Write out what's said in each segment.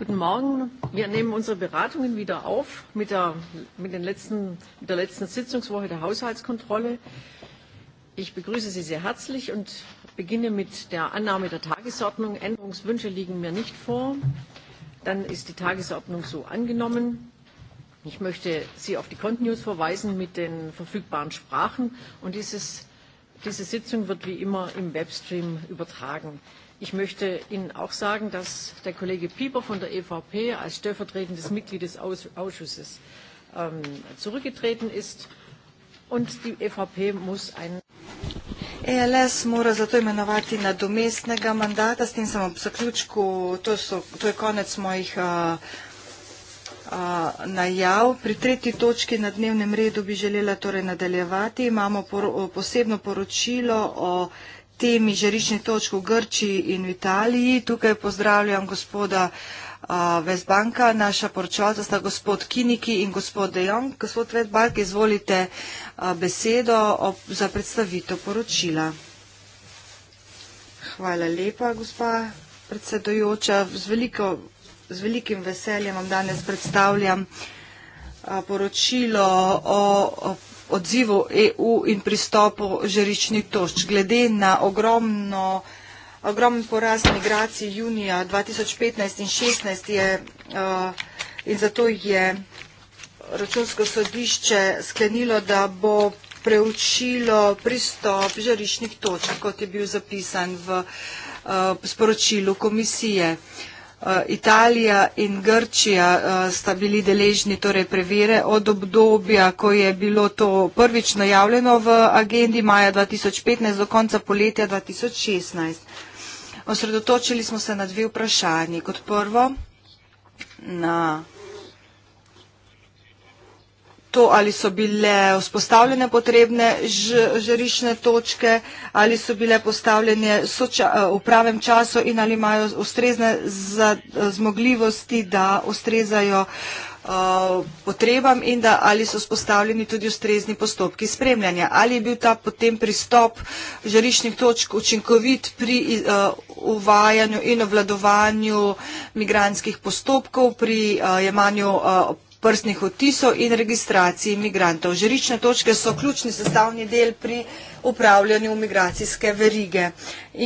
Guten Morgen. Wir nehmen unsere Beratungen wieder auf mit der, mit, den letzten, mit der letzten Sitzungswoche der Haushaltskontrolle. Ich begrüße Sie sehr herzlich und beginne mit der Annahme der Tagesordnung. Änderungswünsche liegen mir nicht vor. Dann ist die Tagesordnung so angenommen. Ich möchte Sie auf die Kontinuus verweisen mit den verfügbaren Sprachen. Und dieses, diese Sitzung wird wie immer im Webstream übertragen. Ich möchte Ihnen auch sagen, dass der Kollege Pieper von der EVP als stellvertretendes Mitglied des Aus Ausschusses ähm, zurückgetreten ist. Und die EVP muss ein ELS mora zato imenovati nadomestnega mandata, s tem sem ob zaključku, to, so, to je konec mojih a, a, najav. Pri tretji točki na dnevnem redu bi želela torej nadaljevati. Imamo por, posebno poročilo o temi žariščnih točk v Grčiji in v Italiji. Tukaj pozdravljam gospoda Vesbanka, naša poročalca sta gospod Kiniki in gospod Dejon. Gospod Vesbank, izvolite besedo za predstavitev poročila. Hvala lepa, gospa predsedojoča. Z, veliko, z velikim veseljem vam danes predstavljam poročilo o, o odzivu EU in pristopu žeričnih točk. Glede na ogromno, ogromno porast migracij junija 2015 in 2016 je, uh, in zato je računsko sodišče sklenilo, da bo preučilo pristop žeričnih točk, kot je bil zapisan v uh, sporočilu komisije. Uh, Eh, Italija in Grčija eh, sta bili deležni torej prevere od obdobja, ko je bilo to prvič najavljeno v agendi maja 2015 do konca poletja 2016. Osredotočili smo se na dve vprašanji. Kot prvo, na to, ali so bile vzpostavljene potrebne žarišne točke, ali so bile postavljene eh, v pravem času in ali imajo ustrezne eh, zmogljivosti, da ustrezajo eh, potrebam in da ali so spostavljeni tudi ustrezni postopki spremljanja. Ali je bil ta potem pristop žarišnih točk učinkovit pri uvajanju in obvladovanju migranskih postopkov, pri jemanju postopkov, prstnih odtisov in registraciji imigrantov. Žerične točke so ključni sestavni del pri upravljanju migracijske verige.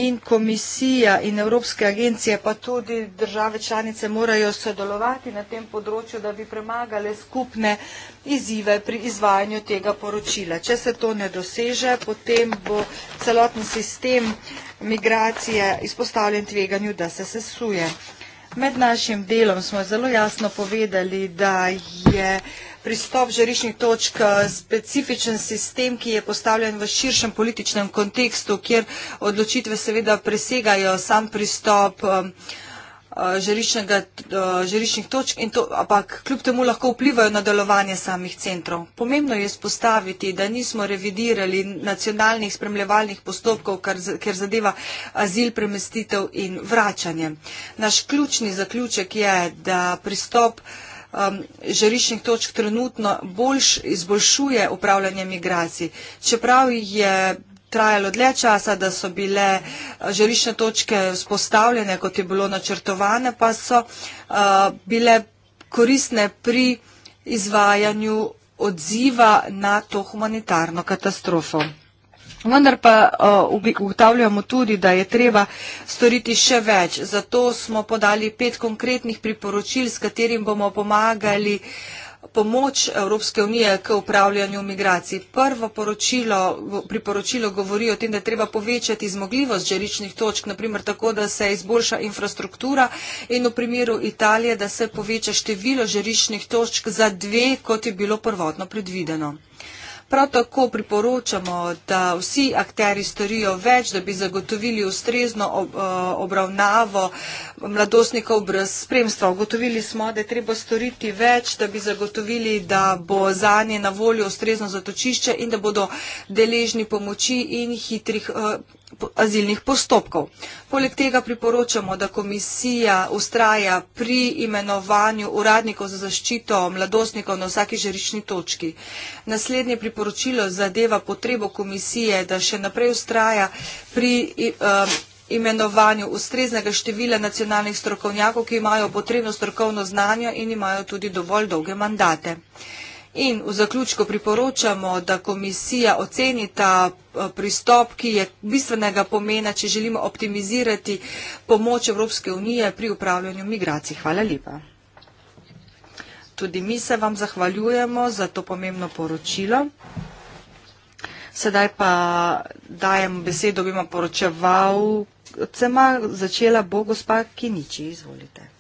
In komisija in Evropske agencije pa tudi države članice morajo sodelovati na tem področju, da bi premagale skupne izzive pri izvajanju tega poročila. Če se to ne doseže, potem bo celoten sistem migracije izpostavljen tveganju, da se sesuje. Med našim delom smo zelo jasno povedali, da je pristop žarišnih točk eh, specifičen sistem, ki je postavljen v širšem političnem kontekstu, kjer odločitve seveda presegajo sam pristop um, Eh, žariščnega, eh, žariščnih točk, to, ampak kljub temu lahko vplivajo na delovanje samih centrov. Pomembno je spostaviti, da nismo revidirali nacionalnih spremljevalnih postopkov, kar, ker zadeva azil, premestitev in vračanje. Naš ključni zaključek je, da pristop um, žariščnih točk trenutno bolj izboljšuje upravljanje migracij. Čeprav je trajalo dlje časa, da so bile eh, žarišne točke spostavljene, kot je bilo načrtovane, pa so eh, bile koristne pri izvajanju odziva na to humanitarno katastrofo. Vendar pa eh, ugotavljamo tudi, da je treba storiti še več. Zato smo podali pet konkretnih priporočil, s katerim bomo pomagali uh, pomoč Evropske unije k upravljanju migracij. Prvo poročilo, priporočilo govori o tem, da treba povečati zmogljivost žeričnih točk, naprimer tako, da se izboljša infrastruktura in v primeru Italije, da se poveča število žeričnih točk za dve, kot je bilo prvotno predvideno. Prav tako priporočamo, da vsi akteri storijo več, da bi zagotovili ustrezno eh, obravnavo mladostnikov brez spremstva. Ugotovili smo, da je treba storiti več, da bi zagotovili, da bo zanje na voljo ustrezno zatočišče in da bodo deležni pomoči in hitrih eh, azilnih postopkov. Poleg tega priporočamo, da komisija ustraja pri imenovanju uradnikov za zaščito mladostnikov na vsaki žerični točki. Naslednje priporočilo zadeva potrebo komisije, da še naprej ustraja pri um, imenovanju ustreznega števila nacionalnih strokovnjakov, ki imajo potrebno strokovno znanje in imajo tudi dovolj dolge mandate. In v zaključku priporočamo, da komisija oceni ta eh, pristop, ki je bistvenega pomena, če želimo optimizirati pomoč Evropske unije pri upravljanju migracij. Hvala lepa. Tudi mi se vam zahvaljujemo za to pomembno poročilo. Sedaj pa dajem besedo, bi ima poročeval, cema začela bo gospa Kiniči, izvolite.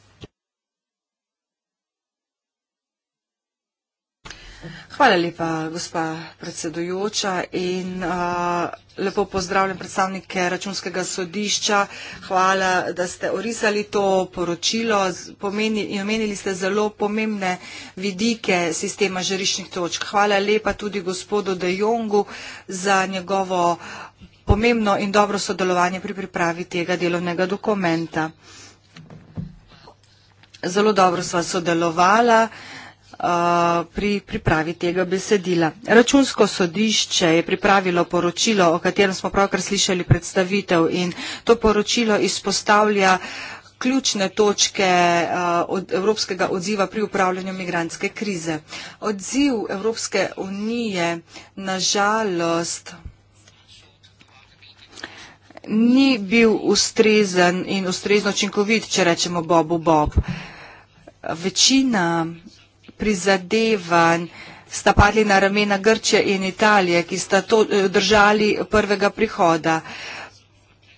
Hvala lepa, gospa predsedujoča in uh, lepo pozdravljam predstavnike računskega sodišča. Hvala, da ste orisali to poročilo pomeni, in omenili ste zelo pomembne vidike sistema žariščnih točk. Hvala lepa tudi gospodu De Jongu za njegovo pomembno in dobro sodelovanje pri pripravi tega delovnega dokumenta. Zelo dobro sva sodelovala. Uh, pri pripravi tega besedila. Računsko sodišče je pripravilo poročilo, o katerem smo pravkar slišali predstavitev in to poročilo izpostavlja ključne točke od evropskega odziva pri upravljanju migranske krize. Odziv Evropske unije na žalost ni bil ustrezen in ustrezno činkovit, če rečemo Bobu Bob. Večina prizadevanj, sta padli na ramena Grče in Italije, ki sta to eh, držali prvega prihoda.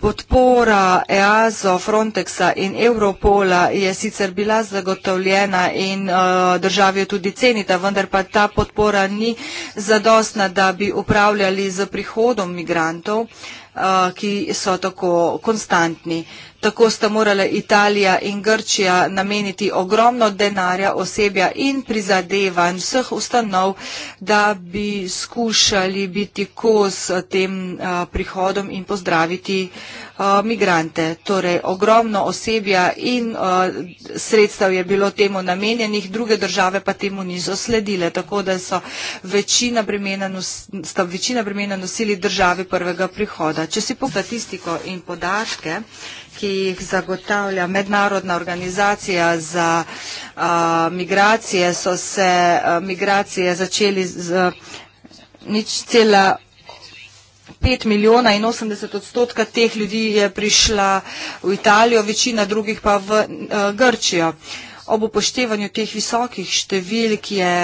Podpora EASO, Frontexa in Europola je sicer bila zagotovljena in uh, državi jo tudi cenita, vendar pa ta podpora ni zadostna, da bi upravljali z prihodom migrantov, uh, ki so tako konstantni. Tako sta morale Italija in Grčija nameniti ogromno denarja, osebja in prizadevanj vseh ustanov, da bi skušali biti kos eh, tem eh, prihodom in pozdraviti eh, migrante. Torej, ogromno osebja in sredstev je bilo temu namenjenih, druge države pa temu niso sledile, tako da so večina bremena, nos, sta večina bremena nosili države prvega prihoda. Če si po statistiko in podatke, ki jih zagotavlja mednarodna organizacija za a, migracije, so se a, migracije začeli z a, nič cela 5 milijona in 80 odstotka teh ljudi je prišla v Italijo, večina drugih pa v a, Grčijo. A, ob upoštevanju teh visokih številk je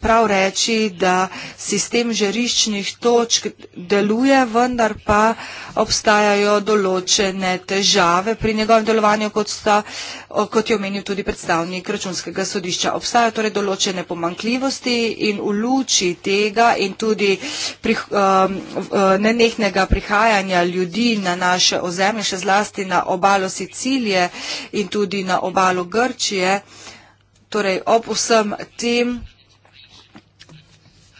prav reči, da sistem žariščnih točk deluje, vendar pa obstajajo določene težave pri njegovem delovanju, kot, sta, kot je omenil tudi predstavnik računskega sodišča. Obstajajo torej določene pomankljivosti in v luči tega in tudi pri, um, nenehnega prihajanja ljudi na naše ozemlje, še zlasti na obalo Sicilije in tudi na obalo Grčije, Torej, ob vsem tem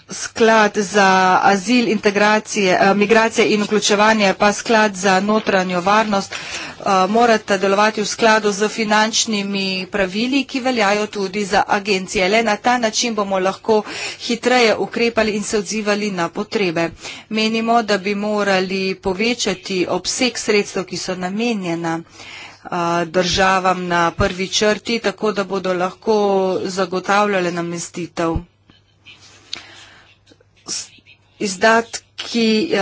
sklad za azil, eh, migracije in vključevanje, pa sklad za notranjo varnost, eh, morate delovati v skladu z finančnimi pravili, ki veljajo tudi za agencije. Le na ta način bomo lahko hitreje ukrepali in se odzivali na potrebe. Menimo, da bi morali povečati obseg sredstv, ki so namenjena vsega, državam na prvi črti, tako da bodo lahko zagotavljale namestitev. Izdatki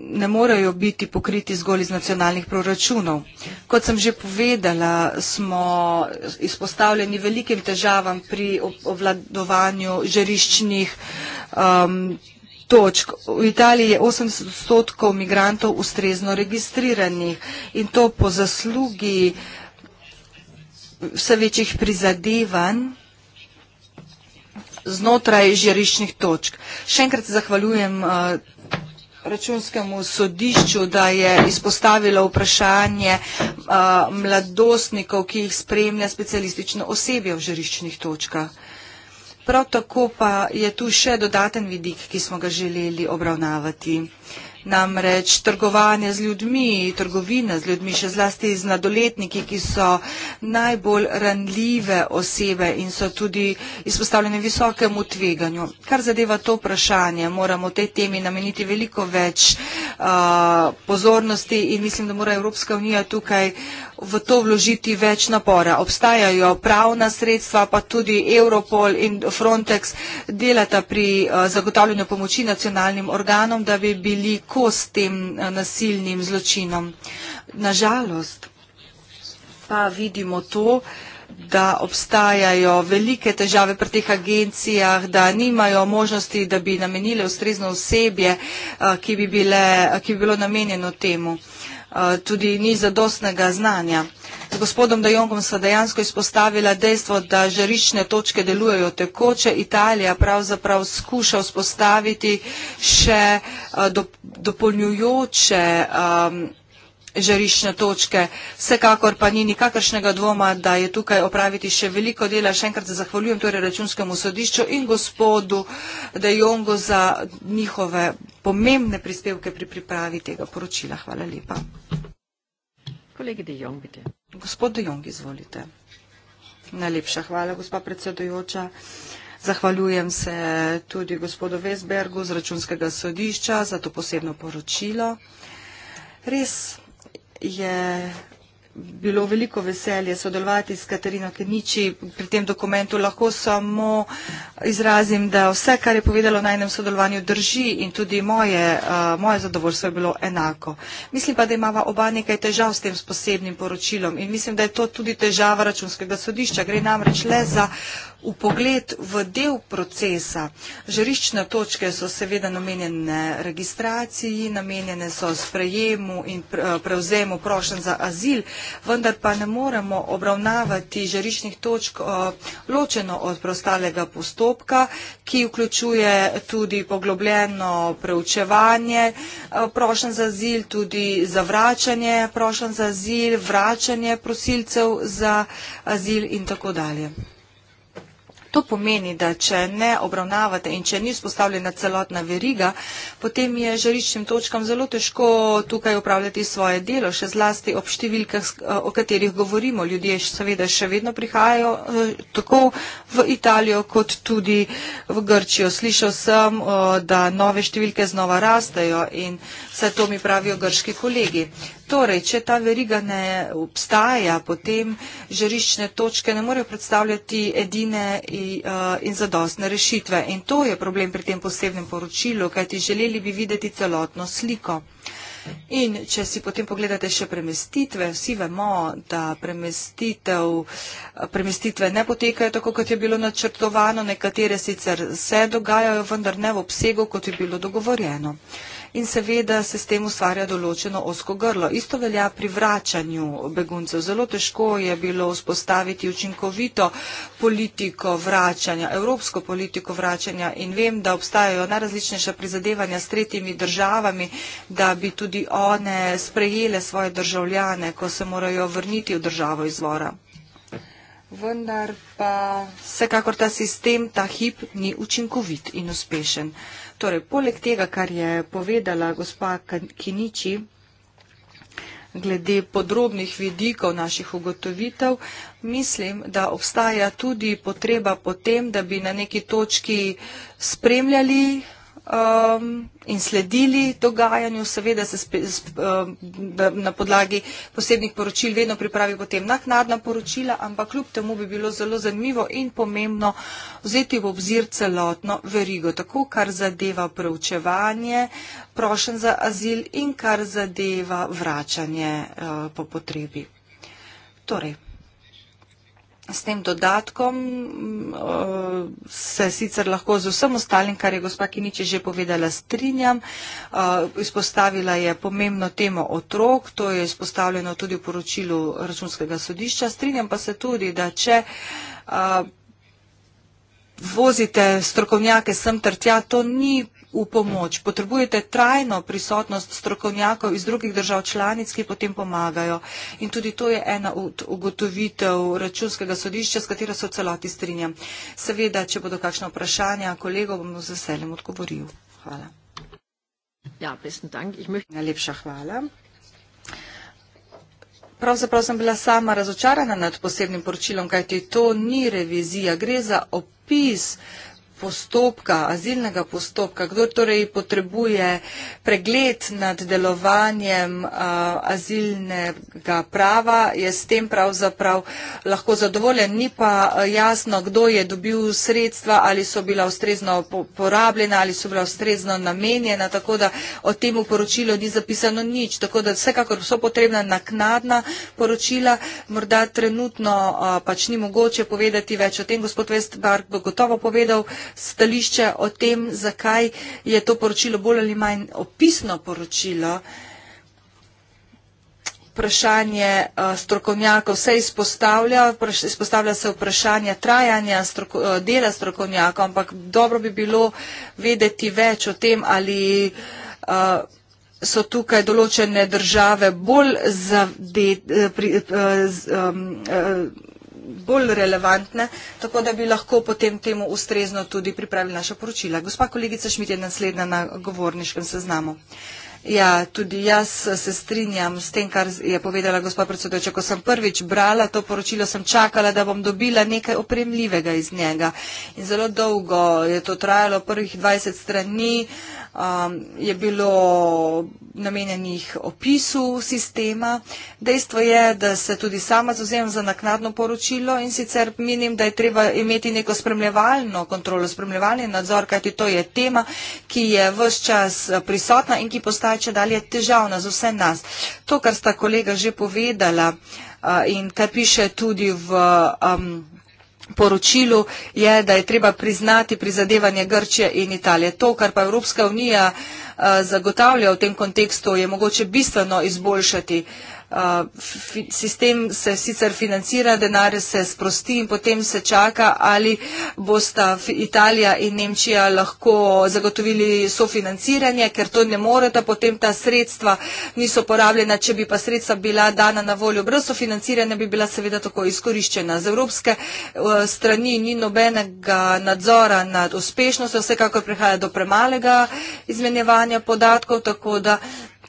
ne morejo biti pokriti zgolj iz nacionalnih proračunov. Kot sem že povedala, smo izpostavljeni velikim težavam pri obvladovanju žariščnih um, točk. V Italiji je 80 odstotkov migrantov ustrezno registriranih in to po zaslugi vse večjih prizadevanj znotraj žiriščnih točk. Še enkrat se zahvaljujem eh, računskemu sodišču, da je izpostavilo vprašanje eh, mladostnikov, ki jih spremlja specialistično osebje v žiriščnih točkah. Prav tako pa je tu še dodaten vidik, ki smo ga želeli obravnavati. Namreč trgovanje z ljudmi, trgovina z ljudmi, še zlasti z nadoletniki, ki so najbolj ranljive osebe in so tudi izpostavljene visokemu tveganju. Kar zadeva to vprašanje, moramo tej temi nameniti veliko več uh, pozornosti in mislim, da mora Evropska unija tukaj uh, v to vložiti več napora. Obstajajo pravna sredstva, pa tudi Europol in Frontex delata pri eh, zagotavljanju pomoči nacionalnim organom, da bi bili kos tem eh, nasilnim zločinom. Nažalost pa vidimo to, da obstajajo velike težave pri teh agencijah, da nimajo možnosti, da bi namenile ustrezno osebje, eh, ki bi, bile, ki bi bilo namenjeno temu. Eh, tudi ni zadostnega znanja. Z gospodom Dajongom sta dejansko izpostavila dejstvo, da žarične točke delujejo tekoče. Italija pravzaprav skuša vzpostaviti še eh, dopolnjujoče um, žarišne točke. Vsekakor pa ni nikakršnega dvoma, da je tukaj opraviti še veliko dela. Še enkrat se zahvaljujem torej računskemu sodišču in gospodu De Jongu za njihove pomembne prispevke pri pripravi tega poročila. Hvala lepa. Kolegi De Jong, bite. Gospod De Jong, izvolite. Najlepša hvala, gospa predsedujoča. Zahvaljujem se tudi gospodu Vesbergu z računskega sodišča za to posebno poročilo. Res je bilo veliko veselje sodelovati s Katarino Keniči pri tem dokumentu. Lahko samo izrazim, da vse, kar je povedalo na enem sodelovanju, drži in tudi moje, uh, moje zadovoljstvo je bilo enako. Mislim pa, da imava oba nekaj težav s tem s posebnim poročilom in mislim, da je to tudi težava računskega sodišča. Gre namreč le za V pogled v del procesa žarišne točke so seveda namenjene registraciji, namenjene so sprejemu in eh, prevzemu prošen za azil, vendar pa ne moremo obravnavati žariščnih točk eh, ločeno od prostalega postopka, ki vključuje tudi poglobljeno preučevanje eh, prošen za azil, tudi zavračanje prošen za azil, vračanje prosilcev za azil in tako dalje to pomeni, da če ne obravnavate in če ni spostavljena celotna veriga, potem je žariščnim točkam zelo težko tukaj upravljati svoje delo, še zlasti ob številkah, eh, o katerih govorimo. Ljudje seveda še vedno prihajajo eh, tako v Italijo kot tudi v Grčijo. Slišal sem, eh, da nove številke znova rastejo in vse to mi pravijo grški kolegi. Torej, če ta veriga ne obstaja, potem žarišne točke ne morejo predstavljati edine in, uh, eh, in zadostne rešitve. In to je problem pri tem posebnem poročilu, kajti želeli bi videti celotno sliko. In če si potem pogledate še premestitve, vsi vemo, da premestitve ne potekajo tako, kot je bilo načrtovano, nekatere sicer se dogajajo, vendar ne v obsegu, kot je bilo dogovorjeno. Uh, in seveda se s tem ustvarja določeno osko grlo. Isto velja pri vračanju beguncev. Zelo težko je bilo vzpostaviti učinkovito politiko vračanja, evropsko politiko vračanja in vem, da obstajajo najrazličnejša prizadevanja s tretjimi državami, da bi tudi one sprejele svoje državljane, ko se morajo vrniti v državo izvora. Vendar pa... Sekakor ta sistem, ta hip ni učinkovit in uspešen. Uh, Torej, poleg tega, kar je povedala gospa Kiniči, glede podrobnih vidikov naših ugotovitev, mislim, da obstaja tudi potreba potem, da bi na neki točki spremljali um, in sledili dogajanju, seveda se spe, sp, um, na podlagi posebnih poročil vedno pripravi potem naknadna poročila, ampak kljub temu bi bilo zelo zanimivo in pomembno vzeti v obzir celotno verigo, tako kar zadeva preučevanje, prošen za azil in kar zadeva vračanje uh, po potrebi. Torej, S tem dodatkom eh, se sicer lahko z vsem ostalim, kar je gospa Kiniče že povedala, strinjam. Eh, izpostavila je pomembno temo otrok, to je izpostavljeno tudi v poročilu računskega sodišča. Strinjam pa se tudi, da če eh, vozite strokovnjake sem ter tja, to ni v pomoč. Potrebujete trajno prisotnost strokovnjakov iz drugih držav članic, ki potem pomagajo. In tudi to je ena od ugotovitev računskega sodišča, s katero so celoti strinjam. Seveda, če bodo kakšne vprašanja, kolego bom z veseljem odgovoril. Hvala. Ja, dank. Ich möchte... Najlepša hvala. Pravzaprav sem bila sama razočarana nad posebnim poročilom, kajti to ni revizija, gre za opis postopka, azilnega postopka, kdo torej potrebuje pregled nad delovanjem uh, azilnega prava, je s tem pravzaprav lahko zadovoljen. Ni pa jasno, kdo je dobil sredstva, ali so bila ustrezno porabljena, ali so bila ustrezno namenjena, tako da o tem v poročilu ni zapisano nič. Tako da vsekakor so potrebna naknadna poročila, morda trenutno uh, pač ni mogoče povedati več o tem. Gospod Westbark bo gotovo povedal, stališče o tem, zakaj je to poročilo bolj ali manj opisno poročilo. Vprašanje eh, strokovnjakov se izpostavlja, izpostavlja se vprašanje trajanja stroko, eh, dela strokovnjakov, ampak dobro bi bilo vedeti več o tem, ali eh, so tukaj določene države bolj zavedene bolj relevantne, tako da bi lahko potem temu ustrezno tudi pripravili naša poročila. Gospa kolegica Šmit je naslednja na govorniškem seznamu. Ja, tudi jaz se strinjam s tem, kar je povedala gospod predsedoče. Ko sem prvič brala to poročilo, sem čakala, da bom dobila nekaj opremljivega iz njega. In zelo dolgo je to trajalo, prvih 20 strani um, je bilo namenjenih opisu sistema. Dejstvo je, da se tudi sama zauzem za naknadno poročilo in sicer menim, da je treba imeti neko spremljevalno kontrolo, spremljevalni nadzor, kajti to je tema, ki je vse čas prisotna in ki postaja postaja če dalje težavna za vse nas. To, kar sta kolega že povedala in kar piše tudi v poročilu, je, da je treba priznati prizadevanje Grčije in Italije. To, kar pa Evropska unija zagotavlja v tem kontekstu, je mogoče bistveno izboljšati sistem se sicer financira, denar se sprosti in potem se čaka, ali bosta Italija in Nemčija lahko zagotovili sofinanciranje, ker to ne moreta, potem ta sredstva niso porabljena, če bi pa sredstva bila dana na voljo. Brez sofinanciranja bi bila seveda tako izkoriščena. Z evropske strani ni nobenega nadzora nad uspešnostjo, vsekakor prihaja do premalega izmenjevanja podatkov, tako da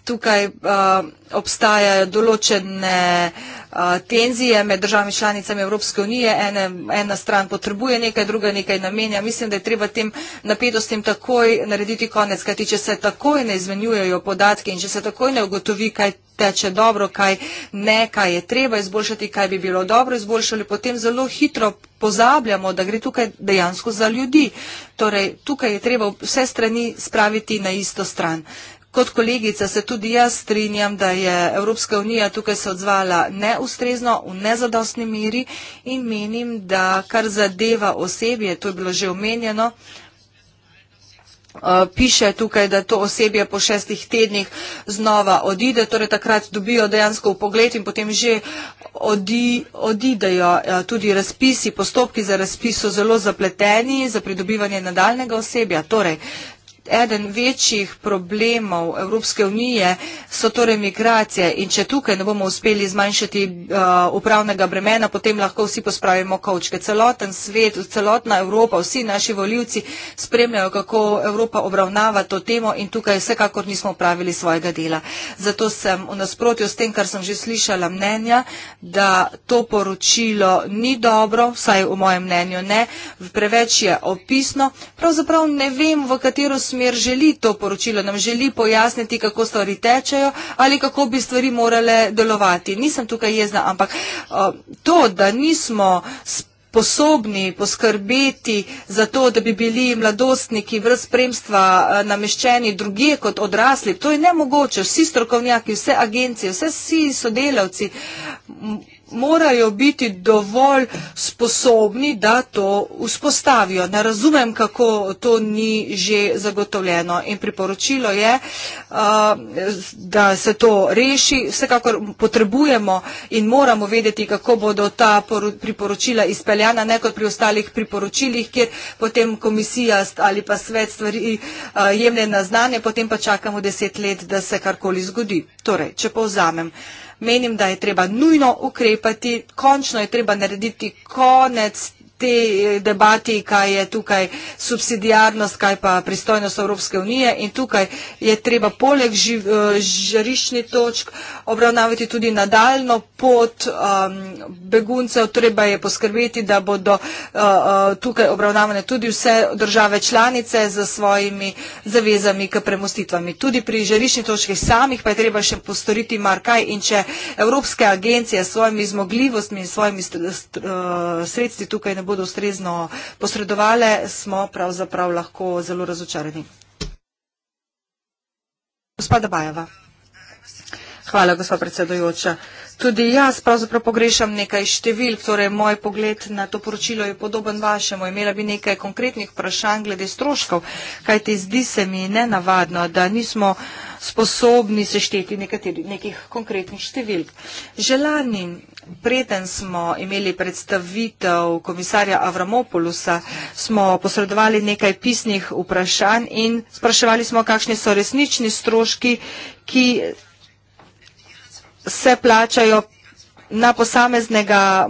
tukaj uh, obstajajo določene uh, tenzije med državami članicami Evropske unije. Ene, ena stran potrebuje nekaj, druga nekaj namenja. Mislim, da je treba tem napetostim takoj narediti konec, kajti če se takoj ne izmenjujejo podatki in če se takoj ne ugotovi, kaj teče dobro, kaj ne, kaj je treba izboljšati, kaj bi bilo dobro izboljšali, potem zelo hitro pozabljamo, da gre tukaj dejansko za ljudi. Torej, tukaj je treba vse strani spraviti na isto stran. Kot kolegica se tudi jaz strinjam, da je Evropska unija tukaj se odzvala neustrezno, v nezadostni miri in menim, da kar zadeva osebje, to je bilo že omenjeno, eh, piše tukaj, da to osebje po šestih tednih znova odide, torej takrat dobijo dejansko v pogled in potem že odidejo eh, tudi razpisi, postopki za razpis so zelo zapleteni za pridobivanje nadaljnega osebja. Torej, eden večjih problemov Evropske unije so torej migracije in če tukaj ne bomo uspeli zmanjšati uh, upravnega bremena, potem lahko vsi pospravimo kočke. Celoten svet, celotna Evropa, vsi naši voljivci spremljajo, kako Evropa obravnava to temo in tukaj vsekakor nismo upravili svojega dela. Zato sem v nasprotju s tem, kar sem že slišala mnenja, da to poročilo ni dobro, vsaj v mojem mnenju ne, preveč je opisno. Pravzaprav ne vem, v katero smer smer želi to poročilo, nam želi pojasniti, kako stvari tečejo ali kako bi stvari morale delovati. Nisem tukaj jezna, ampak to, da nismo sposobni poskrbeti za to, da bi bili mladostniki brez spremstva e, nameščeni druge kot odrasli, to je nemogoče. Vsi strokovnjaki, vse agencije, vse sodelavci morajo biti dovolj sposobni, da to vzpostavijo. Ne razumem, kako to ni že zagotovljeno. In priporočilo je, uh, da se to reši. Vsekakor potrebujemo in moramo vedeti, kako bodo ta priporočila izpeljana, ne kot pri ostalih priporočilih, kjer potem komisija ali pa svet stvari uh, jemlje na znanje, potem pa čakamo deset let, da se karkoli zgodi. Torej, če povzamem menim, da je treba nujno ukrepati, končno je treba narediti konec te eh, debati, kaj je tukaj subsidijarnost, kaj pa pristojnost Evropske unije in tukaj je treba poleg eh, žarišnih točk uh, obravnavati tudi nadaljno pot um, beguncev. Treba je poskrbeti, da bodo uh, uh tukaj obravnavane tudi vse države članice z svojimi zavezami k premustitvami. Tudi pri želišnih točkih samih pa je treba še postoriti markaj in če evropske agencije s svojimi zmogljivostmi in svojimi uh, sredstvi tukaj ne bodo ustrezno posredovale, smo pravzaprav lahko zelo razočarani. Gospoda Bajeva. Hvala, gospa predsedojoča. Tudi jaz pravzaprav pogrešam nekaj številk, torej moj pogled na to poročilo je podoben vašemu. Imela bi nekaj konkretnih vprašanj glede stroškov, kajti zdi se mi nenavadno, da nismo sposobni sešteti nekateri, nekih konkretnih številk. Želani, preden smo imeli predstavitev komisarja Avramopolusa, smo posredovali nekaj pisnih vprašanj in spraševali smo, kakšni so resnični stroški, ki se plačajo na posameznega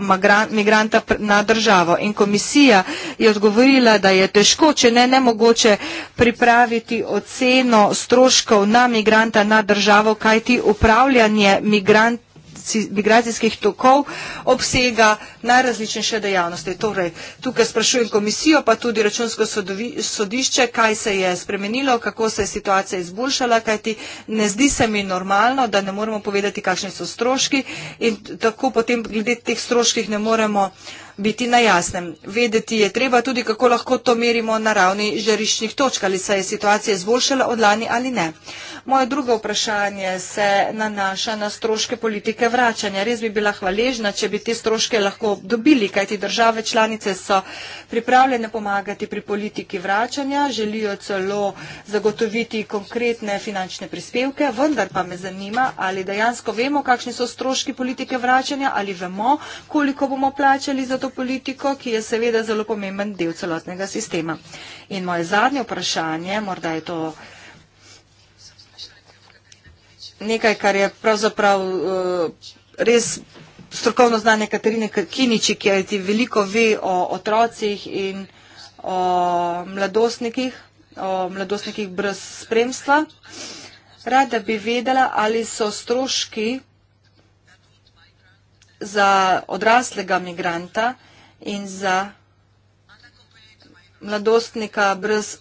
migranta na državo. In komisija je odgovorila, da je težko, če ne nemogoče pripraviti oceno stroškov na migranta na državo, kajti upravljanje migrant, migracijskih tokov obsega najrazličnejše dejavnosti. Torej, tukaj sprašujem komisijo, pa tudi računsko sodišče, kaj se je spremenilo, kako se je situacija izboljšala, kajti ne zdi se mi normalno, da ne moremo povedati, kakšni so stroški in tako potem glede teh stroških ne moremo uh, biti na jasnem. Vedeti je treba tudi, kako lahko to merimo na ravni žariščnih točk, ali se je situacija izboljšala od lani ali ne. Moje drugo vprašanje se nanaša na stroške politike vračanja. Res bi bila hvaležna, če bi te stroške lahko dobili, kajti države članice so pripravljene pomagati pri politiki vračanja, želijo celo zagotoviti konkretne finančne prispevke, vendar pa me zanima, ali dejansko vemo, kakšni so stroški politike vračanja, ali vemo, koliko bomo plačali za to politiko, ki je seveda zelo pomemben del celotnega sistema. In moje zadnje vprašanje, morda je to nekaj, kar je pravzaprav uh, res strokovno znanje Katarine Kiniči, ki ti veliko ve o otrocih in o mladostnikih, o mladostnikih brez spremstva. Rada bi vedela, ali so stroški za odraslega migranta in za mladostnika brez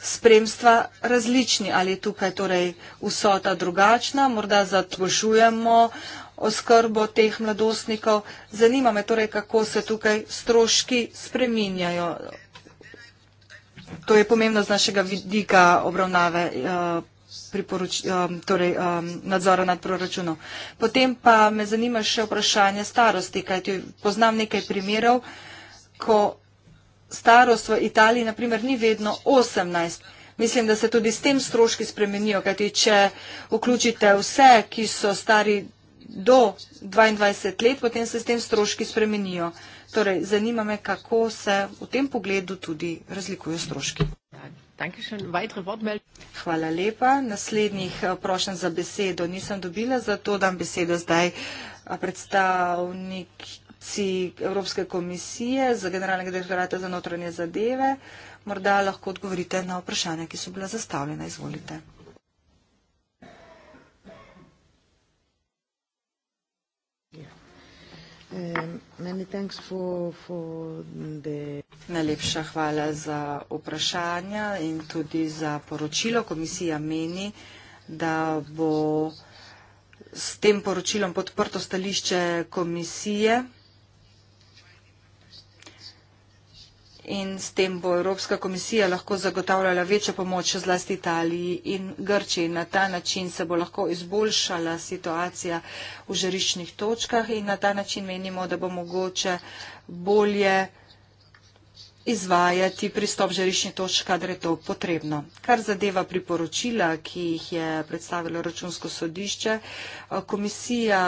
spremstva različni. Ali je tukaj torej vsota drugačna, morda zatvožujemo oskrbo teh mladostnikov. Zanima me torej, kako se tukaj stroški spreminjajo. To je pomembno z našega vidika obravnave pravnega. Eh, priporoč, um, torej, um, nadzora nad proračunom. Potem pa me zanima še vprašanje starosti, kajti poznam nekaj primerov, ko starost v Italiji naprimer ni vedno 18. Mislim, da se tudi s tem stroški spremenijo, kajti če vključite vse, ki so stari do 22 let, potem se s tem stroški spremenijo. Torej, zanima me, kako se v tem pogledu tudi razlikujejo stroški. Hvala lepa. Naslednjih eh, prošen za besedo nisem dobila, zato dam besedo zdaj eh, predstavnici Evropske komisije za generalnega direktorata za notranje zadeve. Morda lahko odgovorite na vprašanja, ki so bila zastavljena. Izvolite. Eh, Najlepša hvala za vprašanja in tudi za poročilo. Komisija meni, da bo s tem poročilom podprto stališče komisije. in s tem bo Evropska komisija lahko zagotavljala večjo pomoč zlasti Italiji in Grčiji. Na ta način se bo lahko izboljšala situacija v žariščnih točkah in na ta način menimo, da bo mogoče bolje izvajati pristop žariščnih točk, kadre to potrebno. Kar zadeva priporočila, ki jih je predstavilo računsko sodišče, komisija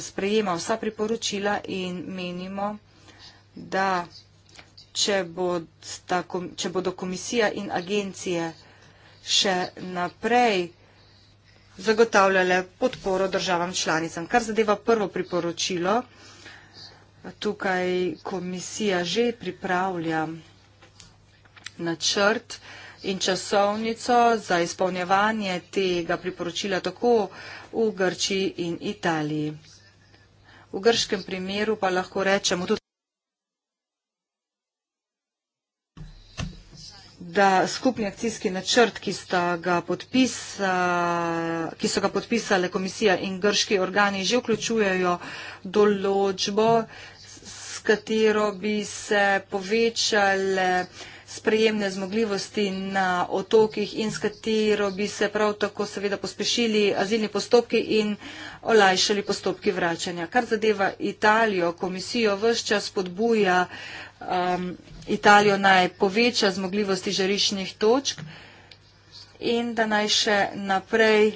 sprejema vsa priporočila in menimo, da če, bod ta, če bodo komisija in agencije še naprej zagotavljale podporo državam članicam. Kar zadeva prvo priporočilo, tukaj komisija že pripravlja načrt in časovnico za izpolnjevanje tega priporočila tako v Grči in Italiji. V grškem primeru pa lahko rečemo tudi. da skupni akcijski načrt, ki, podpis, ki so ga podpisale komisija in grški organi, že vključujejo določbo, s katero bi se povečale uh, sprejemne zmogljivosti na otokih in s katero bi se prav tako seveda pospešili azilni postopki in olajšali postopki vračanja. Kar zadeva Italijo, komisijo vse čas podbuja um, Italijo naj poveča zmogljivosti žariščnih točk in da naj še naprej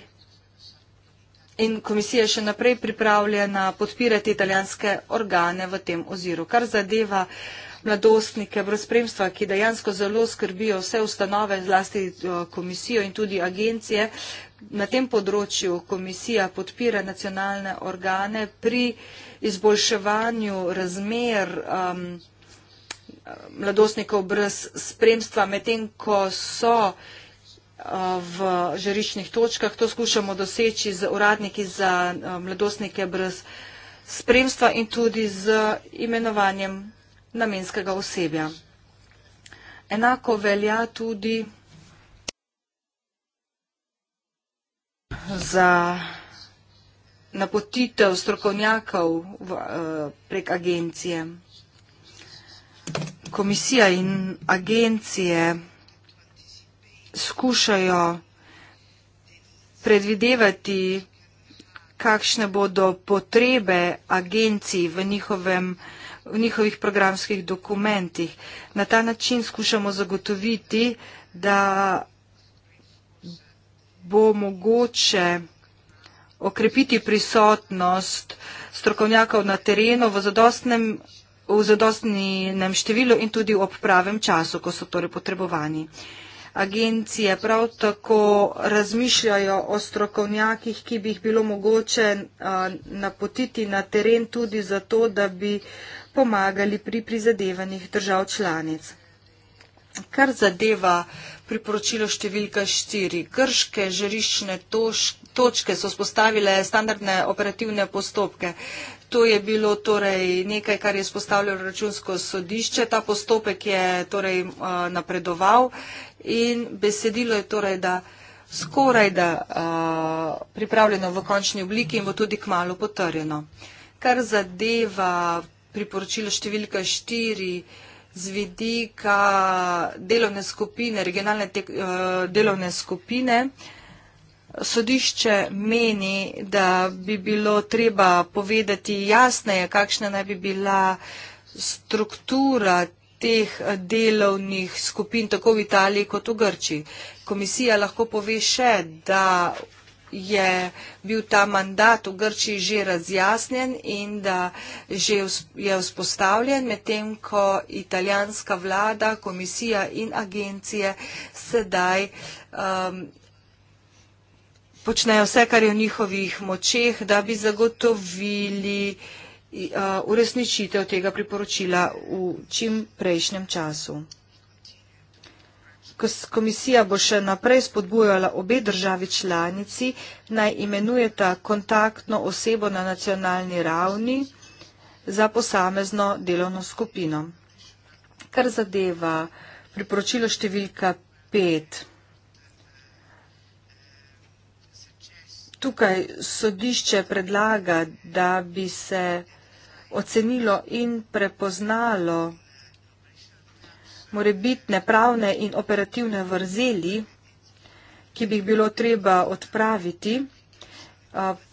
In komisija je še naprej pripravljena podpirati italijanske organe v tem oziru. Kar zadeva uh, mladostnike, brez spremstva, ki dejansko zelo skrbijo vse ustanove, zlasti komisijo in tudi agencije. Na tem področju komisija podpira nacionalne organe pri izboljševanju razmer um, mladostnikov brez spremstva, medtem ko so v žariščnih točkah. To skušamo doseči z uradniki za mladostnike brez spremstva in tudi z imenovanjem namenskega osebja. Enako velja tudi za napotitev strokovnjakov v, eh, prek agencije. Komisija in agencije skušajo predvidevati, kakšne bodo potrebe agencij v njihovem v njihovih programskih dokumentih. Na ta način skušamo zagotoviti, da bo mogoče okrepiti prisotnost strokovnjakov na terenu v zadostnem v zadostnem številu in tudi ob pravem času, ko so torej potrebovani. Uh, agencije prav tako razmišljajo o strokovnjakih, ki bi jih bilo mogoče napotiti na teren tudi zato, da bi pomagali pri prizadevanjih držav članic. Kar zadeva priporočilo številka 4. Krške žarišne toš, točke so spostavile standardne operativne postopke. To je bilo torej nekaj, kar je izpostavljalo računsko sodišče. Ta postopek je torej eh, napredoval in besedilo je torej, da skoraj da eh, pripravljeno v končni obliki in bo tudi k malu potrjeno. Kar zadeva priporočilo številka štiri z vidika delovne skupine, regionalne eh, delovne skupine, Sodišče meni, da bi bilo treba povedati jasneje, kakšna naj bi bila struktura teh delovnih skupin tako v Italiji kot v Grčiji. Komisija lahko pove še, da je bil ta mandat v Grčiji že razjasnjen in da že je vzpostavljen, medtem ko italijanska vlada, komisija in agencije sedaj um, počnejo vse, kar je v njihovih močeh, da bi zagotovili eh, uresničitev tega priporočila v čim prejšnjem času. Komisija bo še naprej spodbujala obe državi članici, naj imenujeta kontaktno osebo na nacionalni ravni za posamezno delovno skupino. Kar zadeva priporočilo številka 5. tukaj sodišče predlaga, da bi se ocenilo in prepoznalo morebitne pravne in operativne vrzeli, ki bi jih bilo treba odpraviti.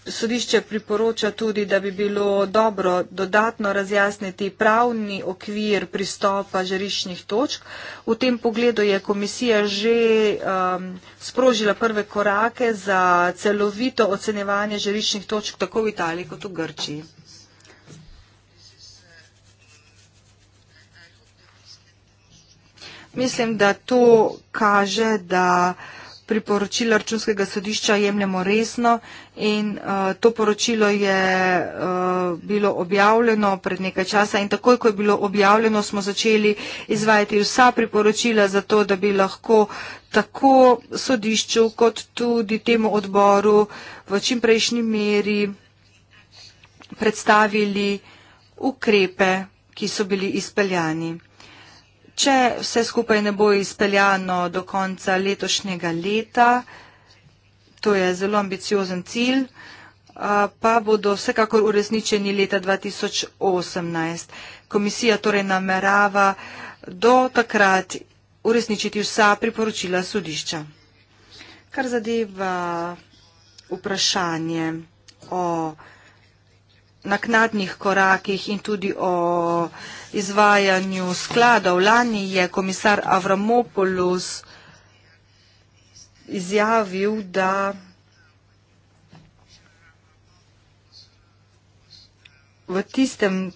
Sodišče priporoča tudi, da bi bilo dobro dodatno razjasniti pravni okvir pristopa žariščnih točk. V tem pogledu je komisija že um, sprožila prve korake za celovito ocenevanje žariščnih točk tako v Italiji kot v Grčiji. Mislim, da to kaže, da priporočila računskega sodišča jemljamo resno in uh, to poročilo je uh, bilo objavljeno pred nekaj časa in takoj, ko je bilo objavljeno, smo začeli izvajati vsa priporočila za to, da bi lahko tako sodišču kot tudi temu odboru v čimprejšnji meri predstavili ukrepe, ki so bili izpeljani. Če vse skupaj ne bo izpeljano do konca letošnjega leta, to je zelo ambiciozen cilj, pa bodo vsekakor uresničeni leta 2018. Komisija torej namerava do takrat uresničiti vsa priporočila sodišča. Kar zadeva vprašanje o naknadnih korakih in tudi o izvajanju skladov. Lani je komisar Avramopoulos izjavil, da v tistem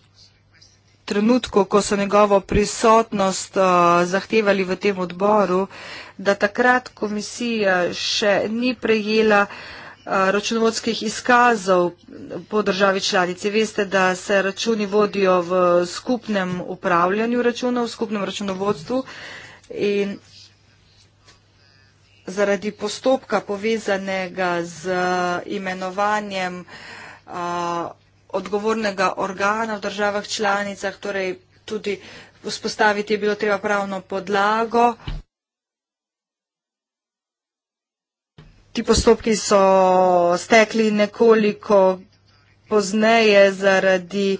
trenutku, ko so njegovo prisotnost uh, zahtevali v tem odboru, da takrat komisija še ni prejela računovodskih izkazov po državi članici. Veste, da se računi vodijo v skupnem upravljanju računov, v skupnem računovodstvu in zaradi postopka povezanega z imenovanjem odgovornega organa v državah članicah, torej tudi vzpostaviti je bilo treba pravno podlago, ti postopki so stekli nekoliko pozneje zaradi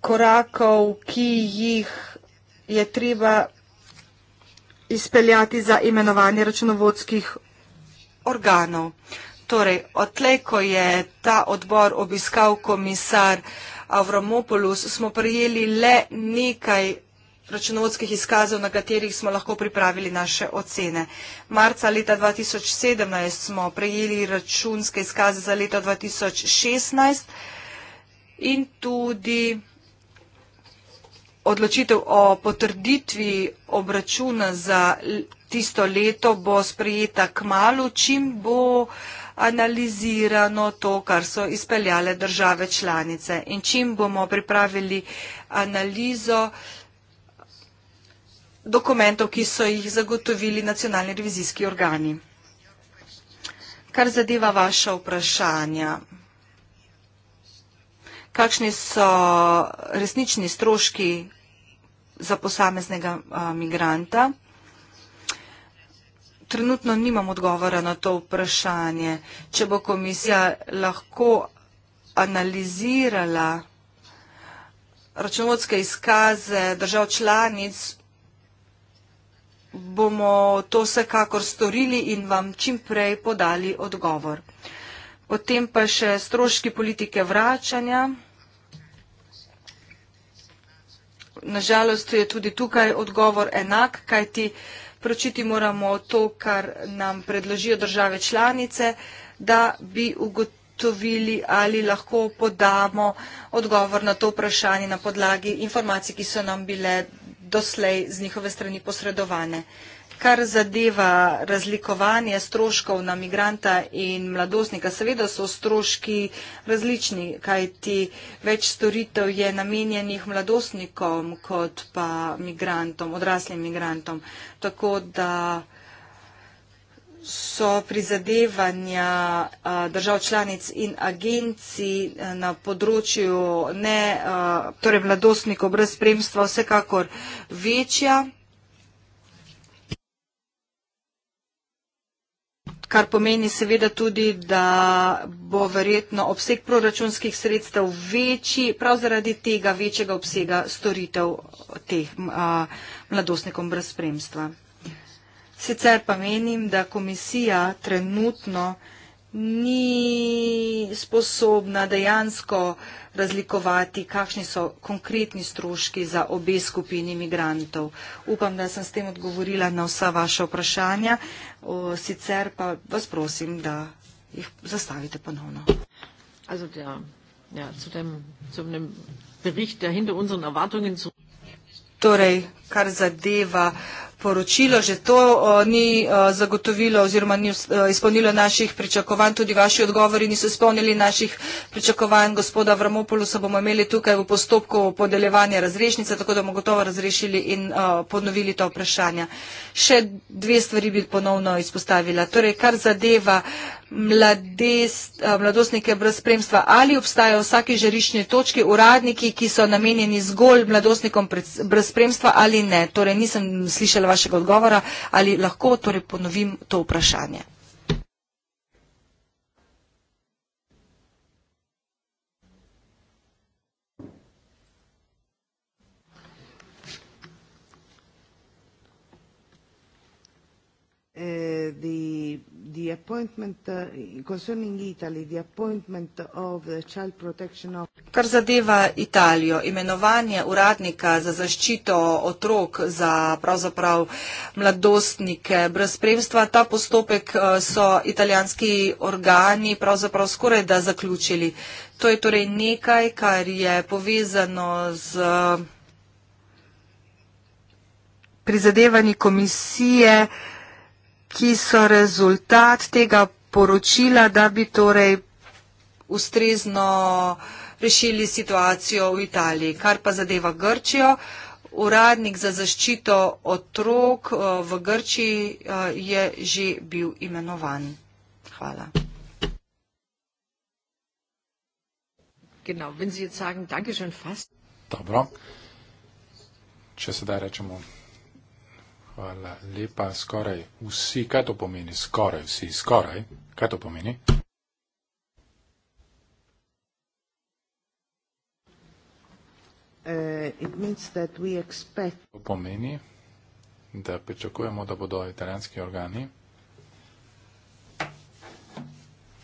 korakov, ki jih je treba izpeljati za imenovanje računovodskih organov. Torej, odtlej, ko je ta odbor obiskal komisar Avramopoulos, smo prijeli le nekaj računovodskih izkazov, na katerih smo lahko pripravili naše ocene. Marca leta 2017 smo prejeli računske izkaze za leto 2016 in tudi odločitev o potrditvi obračuna za tisto leto bo sprejeta k malu, čim bo analizirano to, kar so izpeljale države članice. In čim bomo pripravili analizo, dokumentov, ki so jih zagotovili nacionalni revizijski organi. Kar zadeva vaša vprašanja, kakšni so resnični stroški za posameznega migranta, trenutno nimam odgovora na to vprašanje. Če bo komisija lahko analizirala računovodske izkaze držav članic, bomo to vsekakor storili in vam čimprej podali odgovor. Potem pa še stroški politike vračanja. Nažalost je tudi tukaj odgovor enak, kajti pročiti moramo to, kar nam predložijo države članice, da bi ugotovili, ali lahko podamo odgovor na to vprašanje na podlagi informacij, ki so nam bile doslej z njihove strani posredovane. Kar zadeva razlikovanje stroškov na migranta in mladostnika, seveda so stroški različni, kajti več storitev je namenjenih mladostnikom kot pa migrantom, odraslim migrantom. Tako da so prizadevanja držav članic in agencij na področju ne, torej mladostnikov brez spremstva vsekakor večja, kar pomeni seveda tudi, da bo verjetno obseg proračunskih sredstev večji, prav zaradi tega večjega obsega storitev teh mladostnikom brez spremstva. Sicer pa menim, da komisija trenutno ni sposobna dejansko razlikovati, kakšni so konkretni stroški za obe skupini imigrantov. Upam, da sem s tem odgovorila na vsa vaša vprašanja, o, sicer pa vas prosim, da jih zastavite ponovno. Also der, ja, zu dem, zu dem Bericht, der hinter unseren Erwartungen zu... Torej, kar zadeva uh, poročilo, že to ni zagotovilo oziroma ni izpolnilo naših pričakovanj, tudi vaši odgovori niso izpolnili naših pričakovanj. Gospoda Vramopolusa bomo imeli tukaj v postopku podeljevanja razrešnice, tako da bomo gotovo razrešili in ponovili to vprašanje. Še dve stvari bi ponovno izpostavila. Torej, kar zadeva mladostnike brez spremstva, ali obstajajo vsaki žarišnji točki uradniki, ki so namenjeni zgolj mladostnikom brez spremstva ali ne. Torej, nisem slišala vašega odgovora, ali lahko torej ponovim to vprašanje. Uh, the appointment uh, concerning Italy, the appointment of the child protection of... Kar zadeva Italijo, imenovanje uradnika za zaščito otrok za pravzaprav mladostnike brez spremstva, ta postopek uh, so italijanski organi pravzaprav skoraj da zaključili. To je torej nekaj, kar je povezano z uh, prizadevanji komisije, ki so rezultat tega poročila, da bi torej ustrezno rešili situacijo v Italiji. Kar pa zadeva Grčijo, uradnik za zaščito otrok eh, v Grčiji eh, je že bil imenovan. Hvala. Genau, sagen, Dobro. Če sedaj rečemo Hvala lepa, skoraj vsi. Kaj to pomeni? Skoraj vsi, skoraj. Kaj to pomeni? Uh, it means that we expect... To pomeni, da pričakujemo, da bodo italijanski organi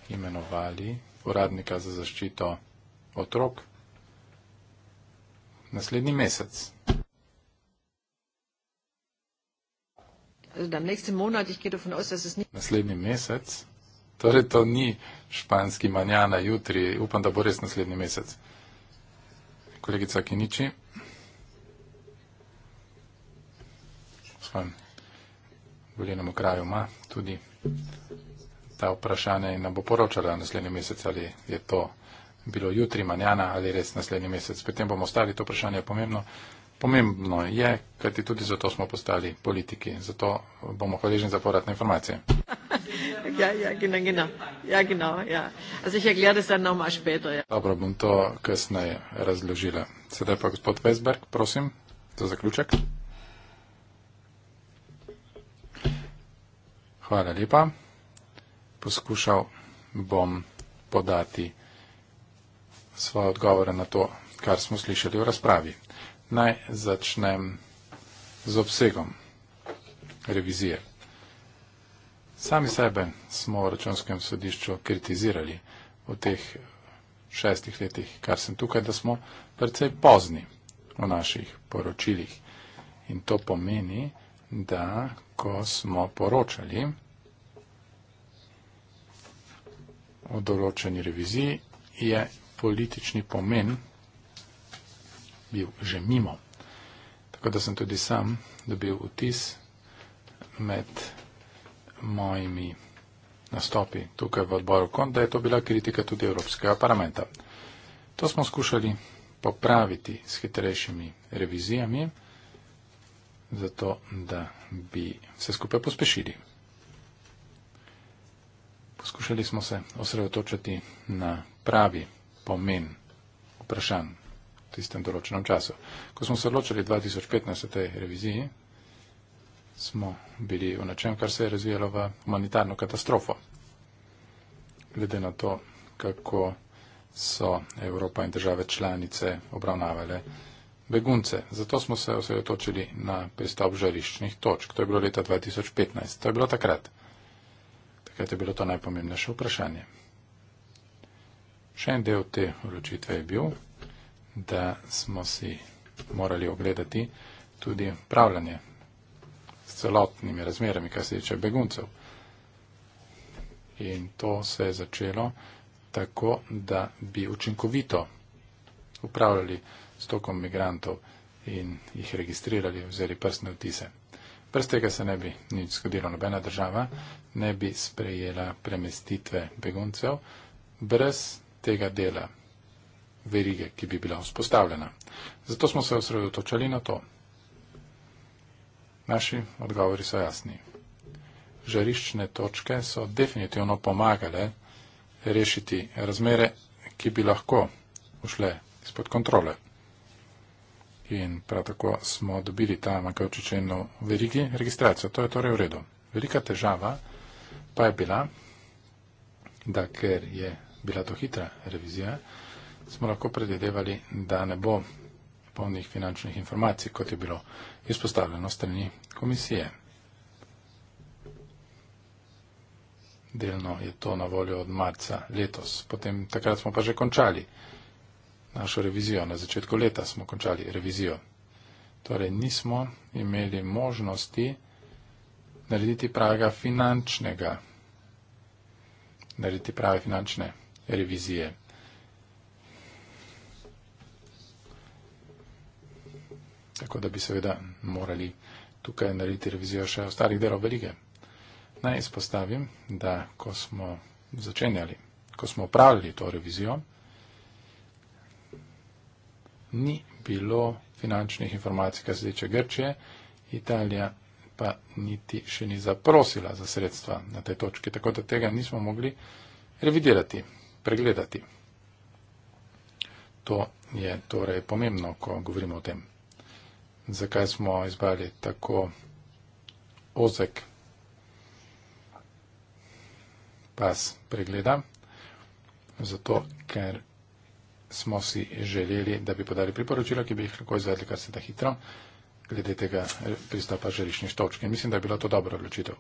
imenovali uradnika za zaščito otrok naslednji mesec. Naslednji mesec, torej to ni španski manjana jutri, upam, da bo res naslednji mesec. Kolegica Kiniči. Svojem volilnemu kraju ima tudi ta vprašanja in nam bo poročala naslednji mesec, ali je to bilo jutri, manjana ali res naslednji mesec. Potem bomo ostali, to vprašanje je pomembno. Pomembno je, kajti tudi zato smo postali politiki. Zato bomo hvaležni za povratne informacije. Ja, ja, gino, gino. Ja, gino, ja. A se še gleda se na omaš peto, ja. Dobro, bom to kasneje razložila. Sedaj pa gospod Vesberg, prosim, za zaključek. Hvala lepa. Poskušal bom podati svoje odgovore na to, kar smo slišali v razpravi. Naj začnem z obsegom revizije. Sami sebe smo v računskem sodišču kritizirali v teh šestih letih, kar sem tukaj, da smo precej pozni v naših poročilih. In to pomeni, da ko smo poročali o določeni reviziji, je politični pomen bil že mimo. Tako da sem tudi sam dobil vtis med mojimi nastopi tukaj v odboru KON, da je to bila kritika tudi Evropskega parlamenta. To smo skušali popraviti s hitrejšimi revizijami, zato da bi vse skupaj pospešili. Poskušali smo se osredotočiti na pravi pomen vprašanj tistem določenem času. Ko smo se odločili 2015 o tej reviziji, smo bili v nečem, kar se je razvijalo v humanitarno katastrofo. Glede na to, kako so Evropa in države članice obravnavale begunce. Zato smo se osredotočili na pristop žariščnih točk. To je bilo leta 2015. To je bilo takrat. Takrat je bilo to najpomembnejše vprašanje. Še en del te odločitve je bil, da smo si morali ogledati tudi pravljanje s celotnimi razmerami, kar se tiče beguncev. In to se je začelo tako, da bi učinkovito upravljali s tokom migrantov in jih registrirali, vzeli prstne vtise. Prst tega se ne bi nič zgodilo, nobena država ne bi sprejela premestitve beguncev brez tega dela verige, ki bi bila vzpostavljena. Zato smo se osredotočali na to. Naši odgovori so jasni. Žariščne točke so definitivno pomagale rešiti razmere, ki bi lahko ušle izpod kontrole. In prav tako smo dobili ta Makavčičeno verigi registracijo. To je torej v redu. Velika težava pa je bila, da ker je bila to hitra revizija, smo lahko predvidevali, da ne bo polnih finančnih informacij, kot je bilo izpostavljeno strani komisije. Delno je to na voljo od marca letos. Potem takrat smo pa že končali našo revizijo. Na začetku leta smo končali revizijo. Torej nismo imeli možnosti narediti praga finančnega, narediti prave finančne revizije. tako da bi seveda morali tukaj narediti revizijo še ostalih delov verige. Naj izpostavim, da ko smo začenjali, ko smo upravljali to revizijo, ni bilo finančnih informacij, kar se tiče Grčije, Italija pa niti še ni zaprosila za sredstva na tej točki, tako da tega nismo mogli revidirati, pregledati. To je torej pomembno, ko govorimo o tem zakaj smo izbrali tako ozek pas pregleda. Zato, ker smo si želeli, da bi podali priporočila, ki bi jih lahko izvedli kar se da hitro, glede tega pristopa želišnih točk. In mislim, da je bila to dobra odločitev.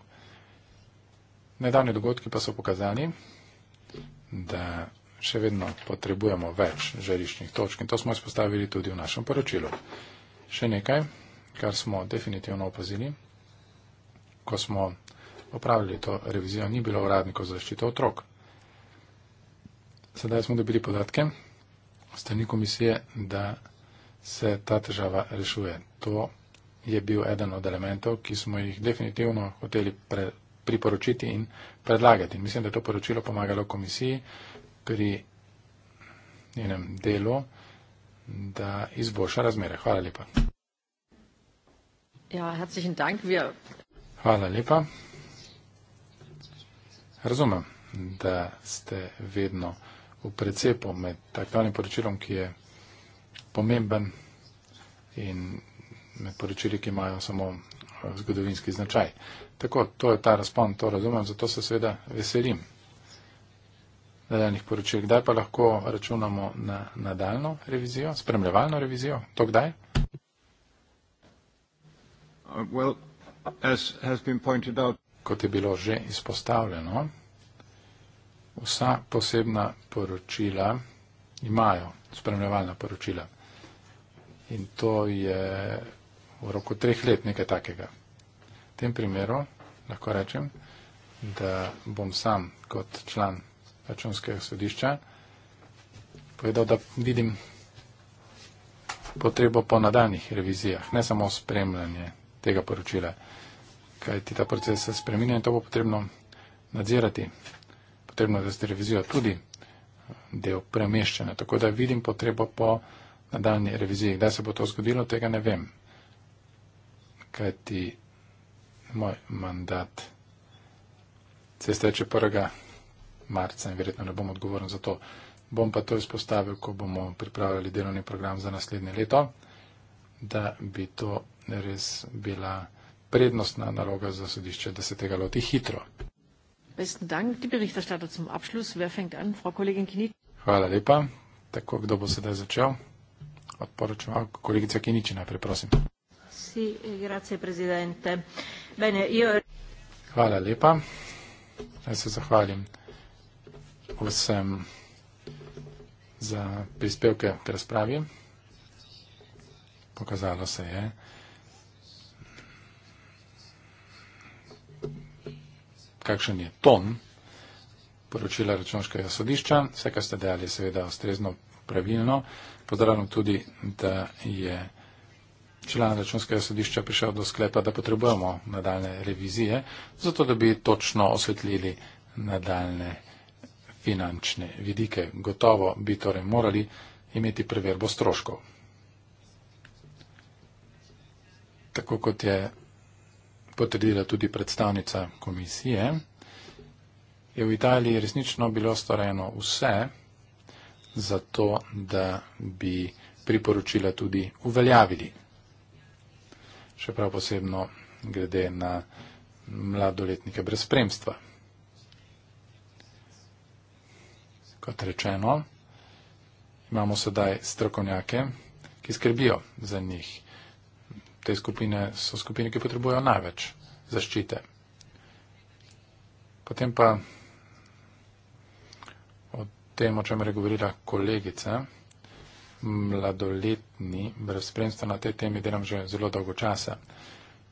Nedavni dogodki pa so pokazali, da še vedno potrebujemo več želišnih točk in to smo izpostavili tudi v našem poročilu. Še nekaj, kar smo definitivno opazili, ko smo opravili to revizijo, ni bilo uradnikov zaščite otrok. Sedaj smo dobili podatke strani komisije, da se ta težava rešuje. To je bil eden od elementov, ki smo jih definitivno hoteli pre, priporočiti in predlagati. Mislim, da je to poročilo pomagalo komisiji pri njenem delu da izboljša razmere. Hvala lepa. Ja, herzlichen Dank. Wir Hvala lepa. Razumem, da ste vedno v precepu med aktualnim poročilom, ki je pomemben in med poročili, ki imajo samo eh, zgodovinski značaj. Tako, to je ta razpon, to razumem, zato se seveda veselim nadaljnih poročil. Kdaj pa lahko računamo na nadaljno revizijo, spremljevalno revizijo? To kdaj? Uh, well, out... Kot je bilo že izpostavljeno, vsa posebna poročila imajo spremljevalna poročila. In to je v roku treh let nekaj takega. V tem primeru lahko rečem, da bom sam kot član računskega sodišča, povedal, da vidim potrebo po nadaljnih revizijah, ne samo spremljanje tega poročila, kaj ti ta proces se spremenja in to bo potrebno nadzirati. Potrebno je, da ste revizijo tudi eh, del premeščene. Tako da vidim potrebo po nadaljni reviziji. Kdaj se bo to zgodilo, tega ne vem. Kaj ti moj mandat se steče prvega marca in verjetno ne bom odgovoren za to. Bom pa to izpostavil, ko bomo pripravljali delovni program za naslednje leto, da bi to res bila prednostna naloga za sodišče, da se tega loti hitro. Hvala lepa. Tako, kdo bo sedaj začel? Odporočam, kolegica Kiniči najprej, prosim. Hvala lepa. Zdaj se zahvalim vsem za prispevke k razpravi. Pokazalo se je, kakšen je ton poročila računskega sodišča. Vse, kar ste dejali, je seveda ustrezno pravilno. Pozdravljam tudi, da je član računskega sodišča prišel do sklepa, da potrebujemo nadaljne revizije, zato da bi točno osvetlili nadaljne revizije finančne vidike. Gotovo bi torej morali imeti preverbo stroškov. Tako kot je potrdila tudi predstavnica komisije, je v Italiji resnično bilo storjeno vse za to, da bi priporočila tudi uveljavili. Še prav posebno glede na mladoletnike brez spremstva. kot rečeno, imamo sedaj strokovnjake, ki skrbijo za njih. Te skupine so skupine, ki potrebujejo največ zaščite. Potem pa o tem, o čem je govorila kolegica, mladoletni, brez spremstva na te temi delam že zelo dolgo časa,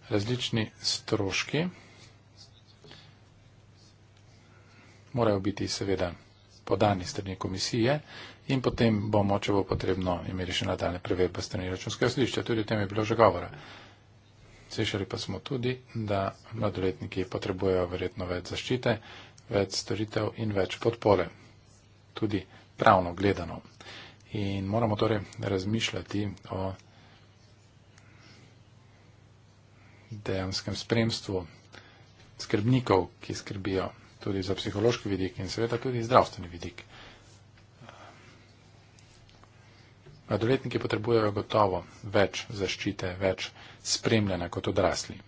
različni stroški morajo biti seveda podani strani komisije in potem bomo, če bo potrebno, imeli še nadaljne prevedbe strani računskega sodišča. Tudi o tem je bilo že govora. Slišali pa smo tudi, da mladoletniki potrebujejo verjetno več zaščite, več storitev in več podpore, tudi pravno gledano. In moramo torej razmišljati o dejanskem spremstvu skrbnikov, ki skrbijo tudi za psihološki vidik in seveda tudi zdravstveni vidik. Mladoletniki potrebujejo gotovo več zaščite, več spremljanja kot odrasli.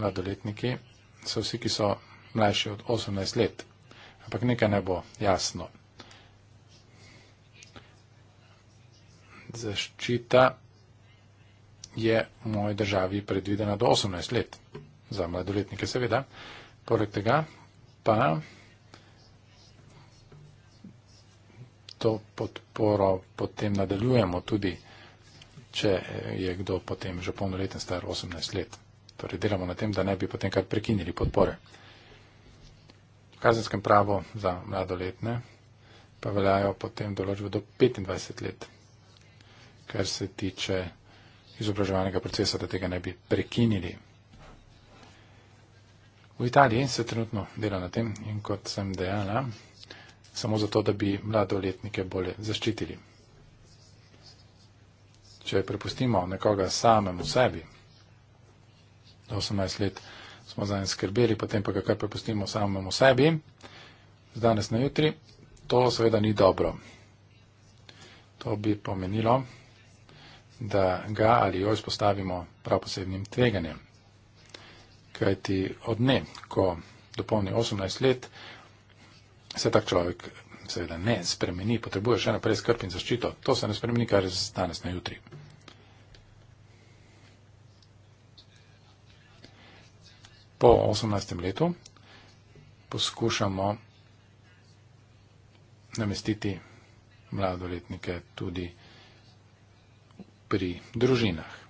Mladoletniki so vsi, ki so mlajši od 18 let, ampak nekaj ne bo jasno. Zaščita je v moji državi predvidena do 18 let, za mladoletnike seveda. Poleg tega pa to podporo potem nadaljujemo tudi, če je kdo potem že polnoleten star 18 let. Torej delamo na tem, da ne bi potem kar prekinili podpore. V kazenskem pravu za mladoletne pa veljajo potem določbe do 25 let, kar se tiče izobraževalnega procesa, da tega ne bi prekinili. V Italiji se trenutno dela na tem in kot sem dejala, samo zato, da bi mladoletnike bolje zaščitili. Če prepustimo nekoga samemu sebi, da 18 let smo za njim skrbeli, potem pa ga kar prepustimo samemu sebi, z danes na jutri, to seveda ni dobro. To bi pomenilo, da ga ali jo izpostavimo prav posebnim tveganjem kajti od dne, ko dopolni 18 let, se tak človek seveda ne spremeni, potrebuje še naprej skrb in zaščito. To se ne spremeni, kar je danes na jutri. Po 18. letu poskušamo namestiti mladoletnike tudi pri družinah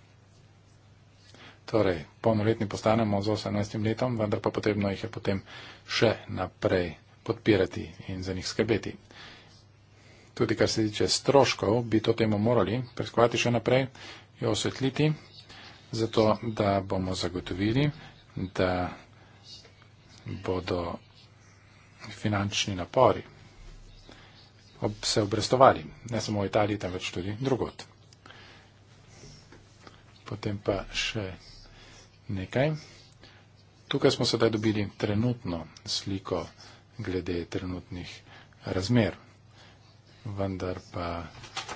torej polnoletni postanemo z 18 letom, vendar pa potrebno jih je potem še naprej podpirati in za njih skrbeti. Tudi kar se tiče stroškov, bi to temo morali preskvati še naprej, jo osvetliti, zato da bomo zagotovili, da bodo finančni napori ob se obrestovali, ne samo v Italiji, temveč tudi drugot. Potem pa še nekaj. Tukaj smo sedaj dobili trenutno sliko glede trenutnih razmer, vendar pa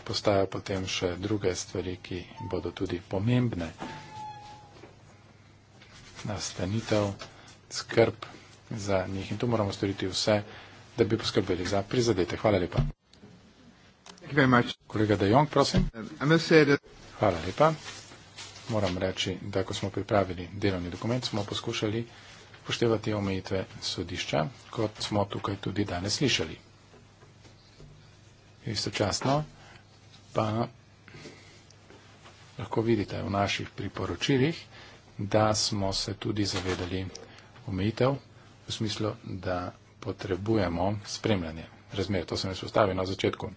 postajajo potem še druge stvari, ki bodo tudi pomembne. Nastanitev, skrb za njih in tu moramo storiti vse, da bi poskrbeli za prizadete. Hvala lepa. Kolega De Jong, prosim. Um, Hvala lepa moram reči, da ko smo pripravili delovni dokument, smo poskušali poštevati omejitve sodišča, kot smo tukaj tudi danes slišali. Istočasno pa lahko vidite v naših priporočilih, da smo se tudi zavedali omejitev v smislu, da potrebujemo spremljanje razmer. To sem izpostavil na začetku.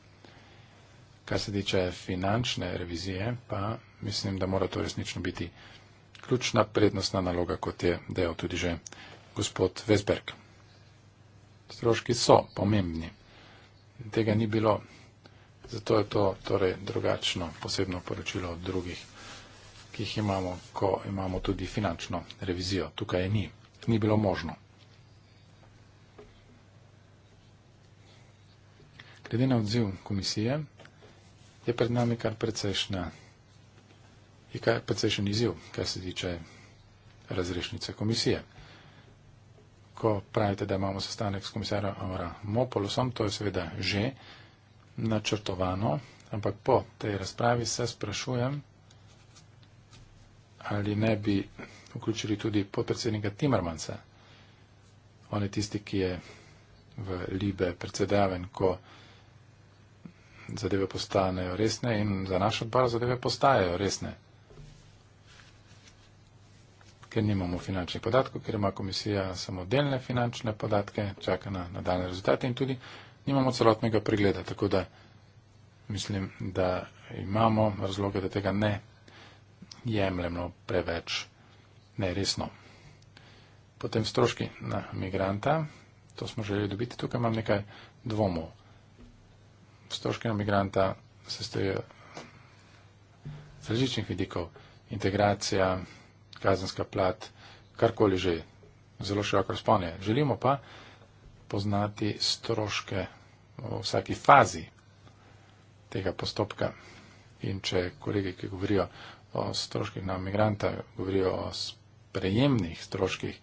Kar se tiče finančne revizije, pa mislim, da mora to resnično biti ključna prednostna naloga, kot je dejal tudi že gospod Vesberg. Stroški so pomembni. Tega ni bilo. Zato je to torej drugačno posebno poročilo od drugih, ki jih imamo, ko imamo tudi finančno revizijo. Tukaj ni. Ni bilo možno. Glede na odziv komisije, je pred nami kar precejšnja je pa vse še niziv, kar se tiče razrešnice komisije. Ko pravite, da imamo sestanek s komisarjem Amora Mopolosom, to je seveda že načrtovano, ampak po tej razpravi se sprašujem, ali ne bi vključili tudi podpredsednika Timrmansa. On je tisti, ki je v Libe predsedaven, ko zadeve postanejo resne in za naš odbor zadeve postajajo resne ker nimamo finančnih podatkov, ker ima komisija samo delne finančne podatke, čaka na nadaljne rezultate in tudi nimamo celotnega pregleda. Tako da mislim, da imamo razloge, da tega ne jemljemo preveč neresno. Potem stroški na migranta. To smo želeli dobiti. Tukaj imam nekaj dvomov. Stroški na migranta se stojijo z različnih vidikov. Integracija kazenska plat, karkoli že, zelo širok razpon je. Želimo pa poznati stroške v vsaki fazi tega postopka. In če kolegi, ki govorijo o stroških na migranta, govorijo o prejemnih stroških,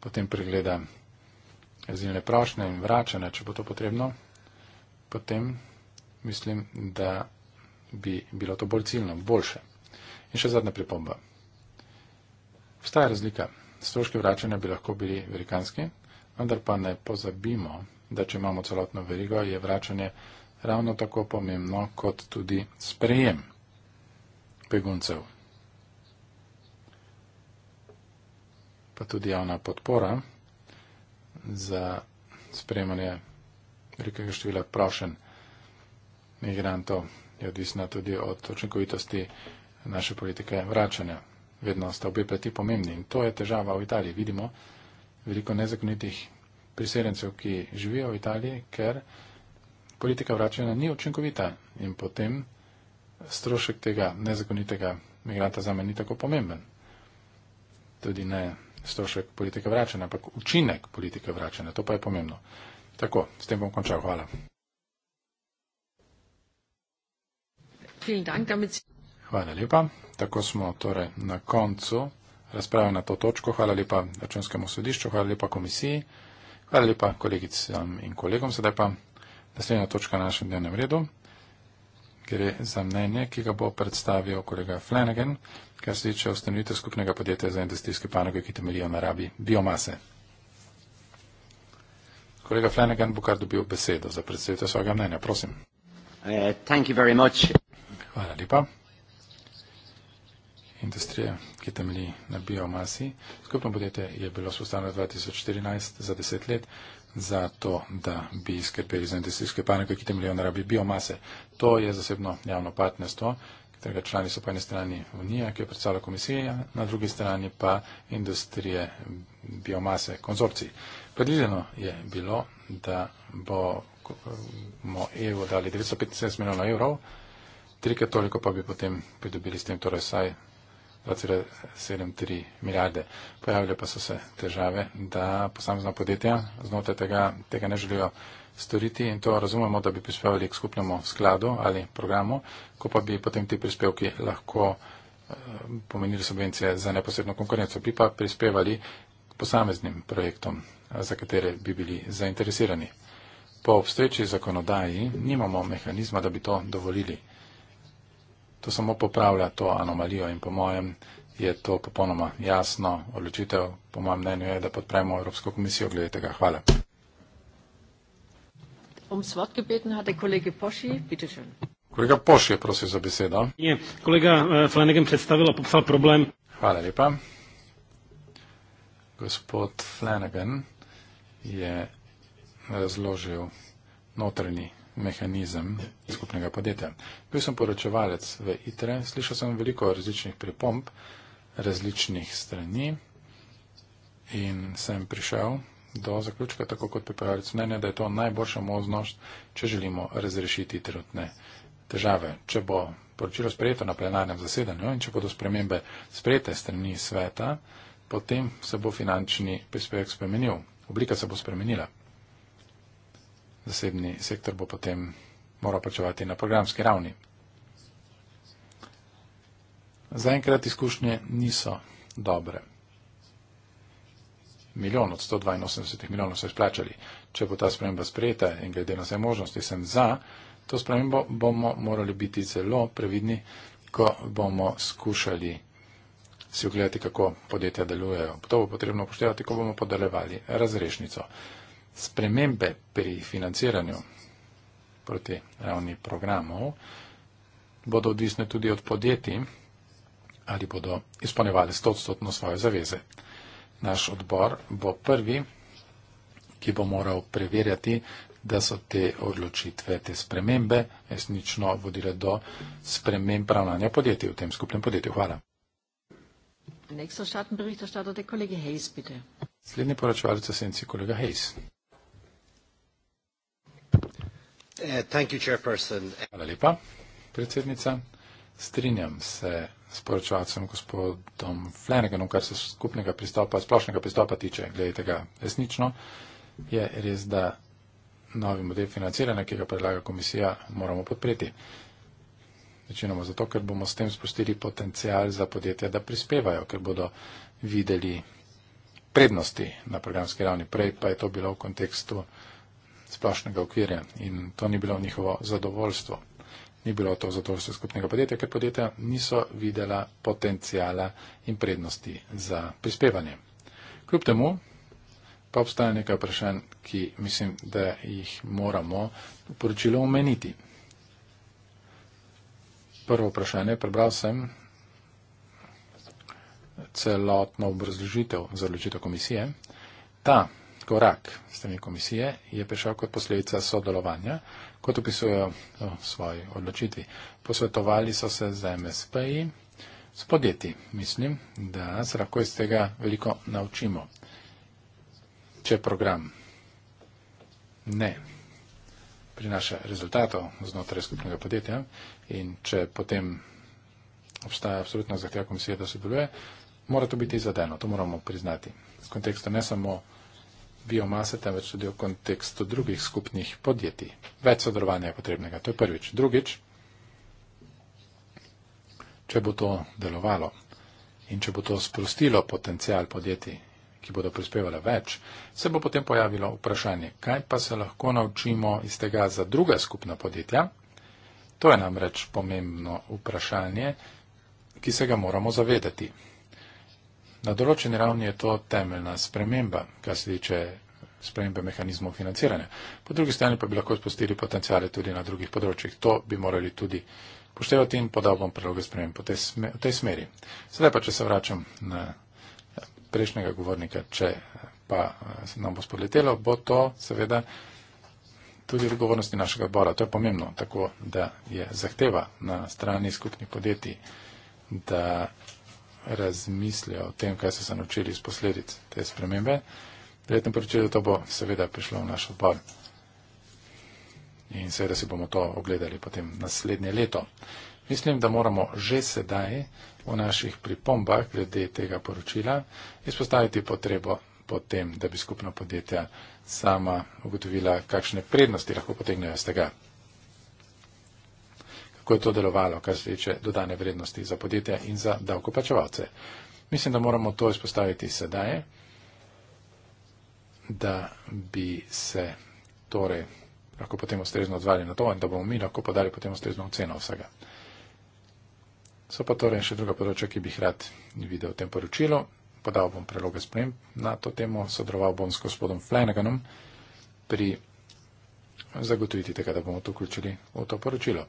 potem pregleda azilne prošnje in vračanje, če bo to potrebno, potem mislim, da bi bilo to bolj ciljno, boljše. In še zadnja pripomba. Vstaja razlika. Stroški vračanja bi lahko bili velikanski, vendar pa ne pozabimo, da če imamo celotno verigo, je vračanje ravno tako pomembno kot tudi sprejem beguncev. Pa tudi javna podpora za sprejemanje velikega števila prošen migrantov je odvisna tudi od učinkovitosti naše politike vračanja vedno sta obe plati pomembni. In to je težava v Italiji. Vidimo veliko nezakonitih priseljencev, ki živijo v Italiji, ker politika vračanja ni učinkovita in potem strošek tega nezakonitega migranta za me ni tako pomemben. Tudi ne strošek politike vračanja, ampak učinek politike vračanja. To pa je pomembno. Tako, s tem bom končal. Hvala. Vielen Dank, damit Sie Hvala lepa. Tako smo torej na koncu razprave na to točko. Hvala lepa računskemu sodišču, hvala lepa komisiji, hvala lepa kolegicam in kolegom. Sedaj pa naslednja točka na našem dnevnem redu. Gre za mnenje, ki ga bo predstavil kolega Flanagan, kar se tiče ustanovitev skupnega podjetja za industrijske panoge, ki temeljijo na rabi biomase. Kolega Flanagan bo kar dobil besedo za predstavitev svojega mnenja. Prosim. Uh, Hvala lepa industrije, ki temelji na biomasi. Skupno podjetje je bilo spostavljeno 2014 za 10 let za to, da bi skrbeli za industrijske panike, ki temeljijo na rabi biomase. To je zasebno javno partnerstvo, katerega člani so po eni strani Unija, ki jo predstavlja komisija, na drugi strani pa industrije biomase, konzorciji. Predvideno je bilo, da bomo EU dali 975 milijonov evrov, trikrat toliko pa bi potem pridobili s tem, torej saj 2,73 milijarde. Pojavile pa so se težave, da posamezna podjetja znotraj tega, tega ne želijo storiti in to razumemo, da bi prispevali k skupnemu skladu ali programu, ko pa bi potem ti prispevki lahko eh, pomenili subvencije za neposredno konkurenco, bi pa prispevali posameznim projektom, eh, za katere bi bili zainteresirani. Po obstoječi zakonodaji nimamo mehanizma, da bi to dovolili. To samo popravlja to anomalijo in po mojem je to popolnoma jasno odločitev. Po mojem mnenju je, da podpremo Evropsko komisijo glede tega. Hvala. Um kolega Poš je prosil za besedo. Je, kolega eh, Flanagan predstavil, popisal problem. Hvala lepa. Gospod Flanagan je razložil notrni mehanizem skupnega podjetja. Bil sem poročevalec v ITRE, slišal sem veliko različnih pripomb, različnih strani in sem prišel do zaključka, tako kot pripravljalec mnenja, da je to najboljša možnost, če želimo razrešiti trenutne težave. Če bo poročilo sprejeto na plenarnem zasedanju in če bodo spremembe sprejete strani sveta, potem se bo finančni prispevek spremenil, oblika se bo spremenila. Zasebni sektor bo potem mora plačevati na programski ravni. Zaenkrat izkušnje niso dobre. Milijon od 182 milijonov so izplačali. Če bo ta sprememba sprejeta in glede na vse možnosti sem za, to spremembo bomo morali biti zelo previdni, ko bomo skušali si ogledati, kako podjetja delujejo. To bo potrebno upoštevati, ko bomo podelevali razrešnico. Spremembe pri financiranju proti ravni programov, bodo odvisne tudi od podjetij, ali bodo izpolnjevali 100-odstotno svoje zaveze. Naš odbor bo prvi, ki bo moral preverjati, da so te odločitve, te spremembe resnično vodile do sprememb ravnanja podjetij v tem skupnem podjetju. Hvala. Slednji poročevalec o senci, kolega Hayes. Eh, Hvala lepa, predsednica. Strinjam se s poročevalcem gospodom Flanaganom, kar se skupnega pristopa, splošnega pristopa tiče, glede tega resnično. Je res, da novi model financiranja, ki ga predlaga komisija, moramo podpreti. Večinoma zato, ker bomo s tem spustili potencial za podjetja, da prispevajo, ker bodo videli prednosti na programski ravni. Prej pa je to bilo v kontekstu splošnega okvirja in to ni bilo njihovo zadovoljstvo. Ni bilo to zadovoljstvo skupnega podjetja, ker podjetja niso videla potencijala in prednosti za prispevanje. Kljub temu pa obstaja nekaj vprašanj, ki mislim, da jih moramo v poročilu omeniti. Prvo vprašanje, prebral sem celotno obrazložitev za odločitev komisije. Ta korak s temi komisije je prišel kot posledica sodelovanja, kot opisujejo no, v svoji odločitvi. Posvetovali so se z MSP-ji, s podjetji. Mislim, da se lahko iz tega veliko naučimo. Če program ne prinaša rezultatov znotraj skupnega podjetja in če potem obstaja absolutna zahteva komisije, da se deluje, mora to biti izvedeno. To moramo priznati. Z kontekstu ne samo biomase, temveč tudi v kontekstu drugih skupnih podjetij. Več sodelovanja je potrebnega, to je prvič. Drugič, če bo to delovalo in če bo to sprostilo potencial podjetij, ki bodo prispevale več, se bo potem pojavilo vprašanje, kaj pa se lahko naučimo iz tega za druga skupna podjetja. To je namreč pomembno vprašanje, ki se ga moramo zavedati. Na določeni ravni je to temeljna sprememba, kar se tiče spremembe mehanizmov financiranja. Po drugi strani pa bi lahko spustili potencijale tudi na drugih področjih. To bi morali tudi poštevati in podal bom predloge sprememb v, v tej smeri. Sedaj pa, če se vračam na prejšnjega govornika, če pa se eh, nam bo spodletelo, bo to seveda tudi odgovornosti našega odbora. To je pomembno, tako da je zahteva na strani skupnih podjetij, da razmislijo o tem, kaj so se naučili iz posledic te spremembe. Verjetno pričujo, da to bo seveda prišlo v naš odbor. In seveda si bomo to ogledali potem naslednje leto. Mislim, da moramo že sedaj v naših pripombah glede tega poročila izpostaviti potrebo potem, da bi skupna podjetja sama ugotovila, kakšne prednosti lahko potegnejo iz tega ko je to delovalo, kar se tiče dodane vrednosti za podjetja in za davkoplačevalce. Mislim, da moramo to izpostaviti sedaj, da bi se torej lahko potem ustrezno odzvali na to in da bomo mi lahko podali potem ustrezno oceno vsega. So pa torej še druga področja, ki bi jih rad videl v tem poročilu. Podal bom preloge sprem na to temo, sodeloval bom s gospodom Flanaganom pri zagotoviti tega, da bomo to vključili v to poročilo.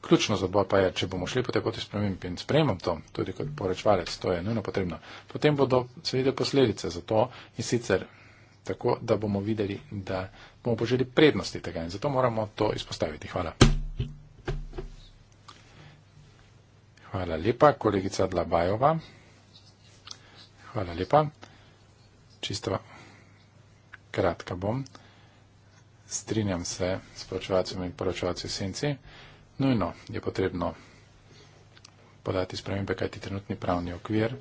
Ključno za odbor pa je, če bomo šli po tej poti spremembi in spremem to, tudi kot porečvalec, to je nujno potrebno. Potem bodo seveda posledice za to in sicer tako, da bomo videli, da bomo poželi prednosti tega in zato moramo to izpostaviti. Hvala. Hvala lepa, kolegica Dlabajova. Hvala lepa. Čisto kratka bom. Strinjam se s poročevalcem in poročevalcem senci. Nujno je potrebno podati spremembe, kajti trenutni pravni okvir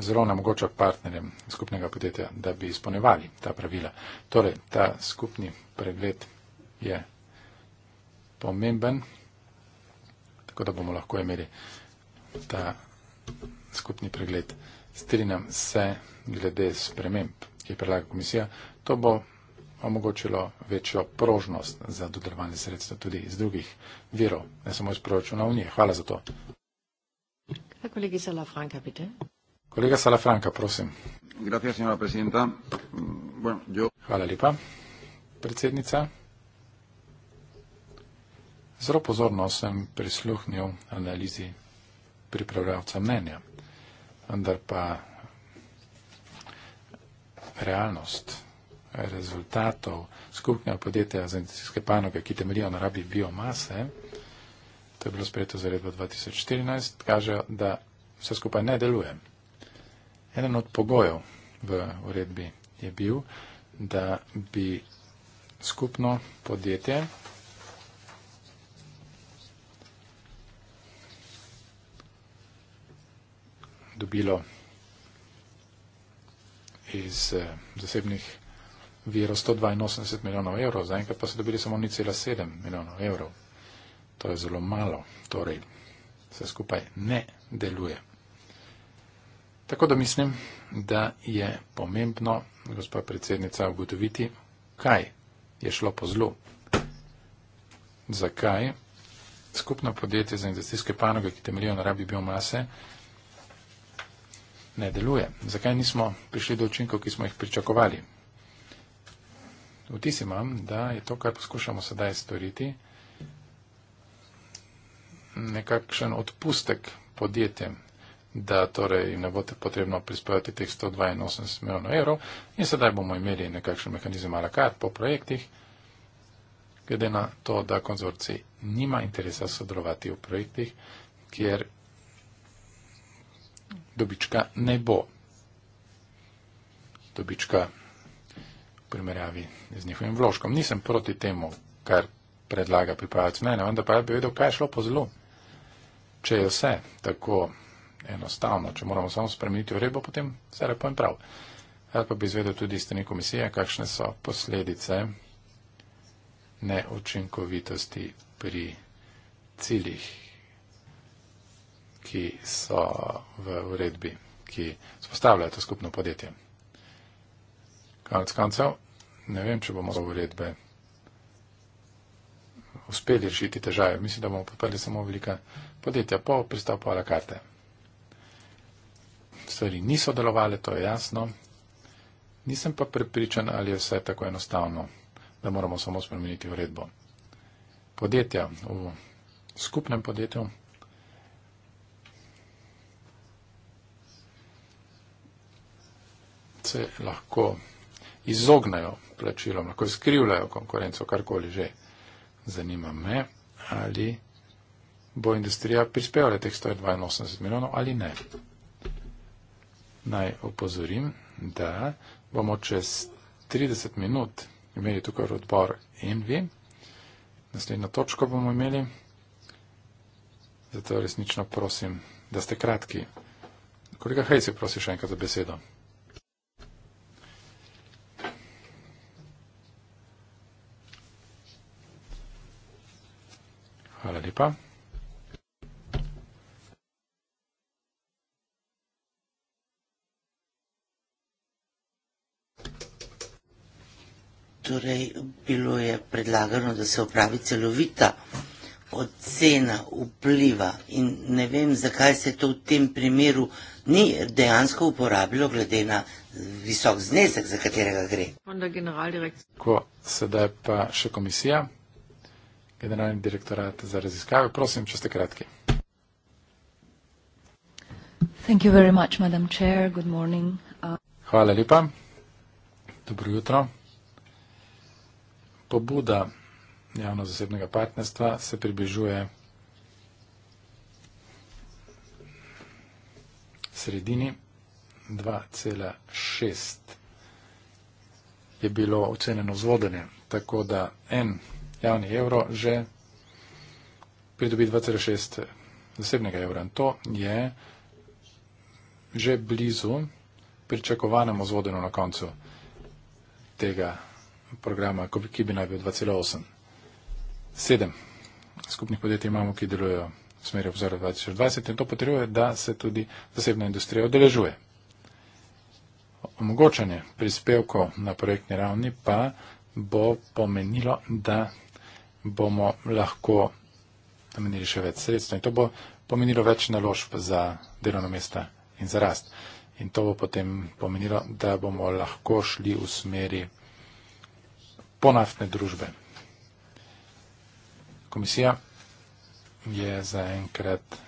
zelo ne omogoča partnerjem skupnega podjetja, da bi izpolnevali ta pravila. Torej, ta skupni pregled je pomemben, tako da bomo lahko imeli ta skupni pregled. Strinjam se glede sprememb, ki je predlaga komisija. To bo omogočilo večjo prožnost za dodelovanje sredstva tudi iz drugih virov, ne samo iz proračuna Unije. Hvala za to. Kolegi Salafranka, pite. Kolega Salafranka, prosim. Hvala lepa, predsednica. Zelo pozorno sem prisluhnil analizi pripravljavca mnenja, vendar pa realnost rezultatov skupnega podjetja za industrijske panoge, ki temeljijo na rabi biomase, to je bilo sprejeto za redbo 2014, kaže, da vse skupaj ne deluje. Eden od pogojev v uredbi je bil, da bi skupno podjetje dobilo iz eh, zasebnih viro 182 milijonov evrov, zaenkrat pa so dobili samo 0,7 milijonov evrov. To je zelo malo, torej vse skupaj ne deluje. Tako da mislim, da je pomembno, gospod predsednica, ugotoviti, kaj je šlo po zlu. Zakaj skupno podjetje za investicijske panoge, ki temeljijo na rabi biomase, ne deluje? Zakaj nismo prišli do učinkov, ki smo jih pričakovali? vtis imam, da je to, kar poskušamo sedaj storiti, nekakšen odpustek podjetjem, da torej ne bo potrebno prispevati teh 182 milijonov evrov in sedaj bomo imeli nekakšen mehanizem a la carte po projektih, glede na to, da konzorci nima interesa sodelovati v projektih, kjer dobička ne bo. Dobička primerjavi z njihovim vložkom. Nisem proti temu, kar predlaga pripravac mene, vendar pa bi vedel, kaj je šlo po zlu. Če je vse tako enostavno, če moramo samo spremeniti uredbo, potem vse lepo in prav. Rad pa bi izvedel tudi iz strani komisije, kakšne so posledice neučinkovitosti pri ciljih, ki so v uredbi, ki spostavljajo to skupno podjetje. Konec koncev, ne vem, če bomo z uredbe uspeli rešiti težave. Mislim, da bomo podprli samo velika podjetja, pa pristal pa la karte. Stvari niso delovale, to je jasno. Nisem pa prepričan, ali je vse tako enostavno, da moramo samo spremeniti uredbo. Podjetja v skupnem podjetju. Se lahko izognajo plačilom, lahko skrivljajo konkurenco, karkoli že. Zanima me, ali bo industrija prispevala teh 182 milijonov ali ne. Naj opozorim, da bomo čez 30 minut imeli tukaj odbor Envi. Naslednjo točko bomo imeli. Zato resnično prosim, da ste kratki. Kolega Hejci, prosim še enkrat za besedo. Hvala lepa. Torej, bilo je predlagano, da se opravi celovita ocena vpliva in ne vem, zakaj se to v tem primeru ni dejansko uporabilo, glede na visok znesek, za katerega gre. Ko sedaj pa še komisija generalni direktorat za raziskave. Prosim, če ste kratki. Uh, Hvala lepa. Dobro jutro. Pobuda javno-zasebnega partnerstva se približuje sredini 2,6 je bilo ocenjeno z vodenjem, tako da en javni evro že pridobi 2,6 zasebnega evra. In to je že blizu pričakovanemu zvodenju na koncu tega programa, ki bi naj bil 2,8. Sedem skupnih podjetij imamo, ki delujejo v smeri obzora 2020 in to potrebuje, da se tudi zasebna industrija odeležuje. Omogočanje prispevkov na projektni ravni pa bo pomenilo, da bomo lahko namenili še več sredstev in to bo pomenilo več naložb za delovno mesta in za rast. In to bo potem pomenilo, da bomo lahko šli v smeri ponaftne družbe. Komisija je zaenkrat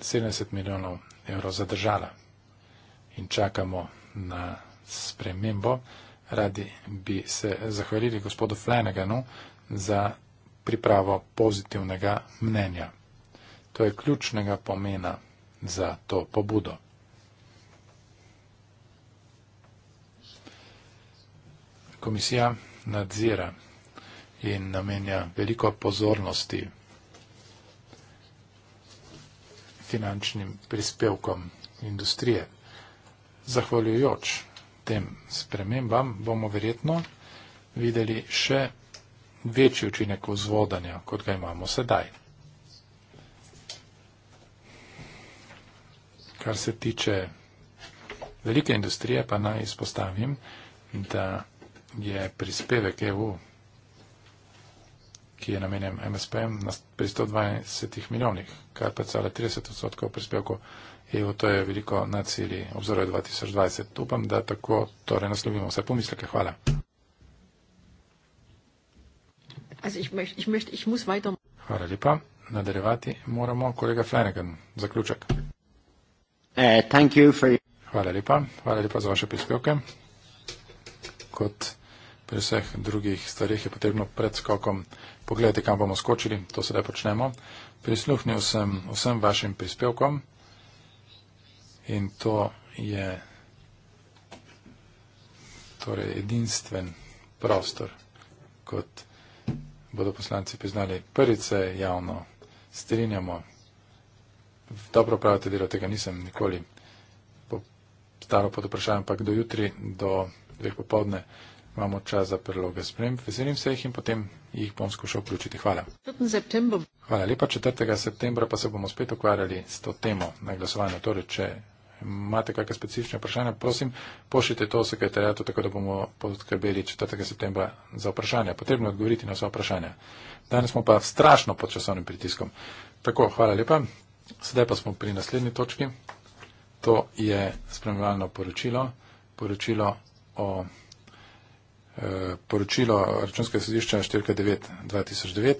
70 milijonov evrov zadržala in čakamo na spremembo radi bi se zahvalili gospodu Flanaganu za pripravo pozitivnega mnenja. To je ključnega pomena za to pobudo. Komisija nadzira in namenja veliko pozornosti finančnim prispevkom industrije. Zahvaljujoč tem spremembam, bomo verjetno videli še večji učinek vzvodanja, kot ga imamo sedaj. Kar se tiče velike industrije, pa naj izpostavim, da je prispevek EU, ki je namenjen MSP-jem, na 320 milijonih, kar pa cela 30 odstotkov prispevkov in e to je veliko na celi obzorju 2020. Upam, da tako torej naslovimo vse pomisleke. Hvala. Hvala lepa. Nadaljevati moramo kolega Flanagan. Zaključek. Eh, Hvala lepa. Hvala lepa za vaše prispevke. Kot pri vseh drugih stvarih je potrebno pred skokom pogledati, kam bomo skočili. To sedaj počnemo. Prisluhnil sem vsem vašim prispevkom in to je torej edinstven prostor, kot bodo poslanci priznali. Prvič se javno strinjamo, dobro pravite delo, tega nisem nikoli staro pod vprašanjem, ampak do jutri, do dveh popovdne imamo čas za predloge sprem. Veselim se jih in potem jih bom skušal vključiti. Hvala. Hvala lepa. 4. septembra pa se bomo spet ukvarjali s to temo na glasovanju. Torej, če imate kakšne specifične vprašanja, prosim, pošljite to sekretarjatu, tako da bomo poskrbeli 4. septembra za vprašanja. Potrebno je odgovoriti na vsa vprašanja. Danes smo pa strašno pod časovnim pritiskom. Tako, hvala lepa. Sedaj pa smo pri naslednji točki. To je spremljalno poročilo. Poročilo o eh, poročilo računskega sodišča 4.9.2009,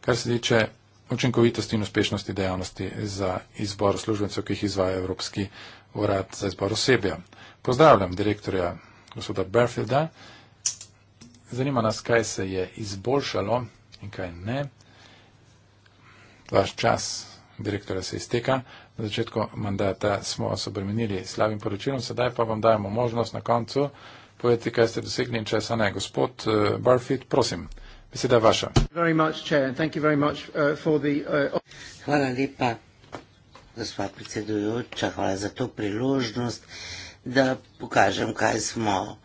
kar se tiče učinkovitosti in uspešnosti dejavnosti za izbor služencev, ki jih izvaja Evropski urad za izbor osebja. Pozdravljam direktorja gospoda Berfielda. Zanima nas, kaj se je izboljšalo in kaj ne. Vaš čas direktora se izteka. Na začetku mandata smo vas obremenili slabim poročilom, sedaj pa vam dajemo možnost na koncu povedati, kaj ste dosegli in česa ne. Gospod eh, Barfield, prosim. Beseda je vaša. Uh, uh, Hvala lepa, gospa predsedujoča, hvala za to priložnost, da pokažem, kaj smo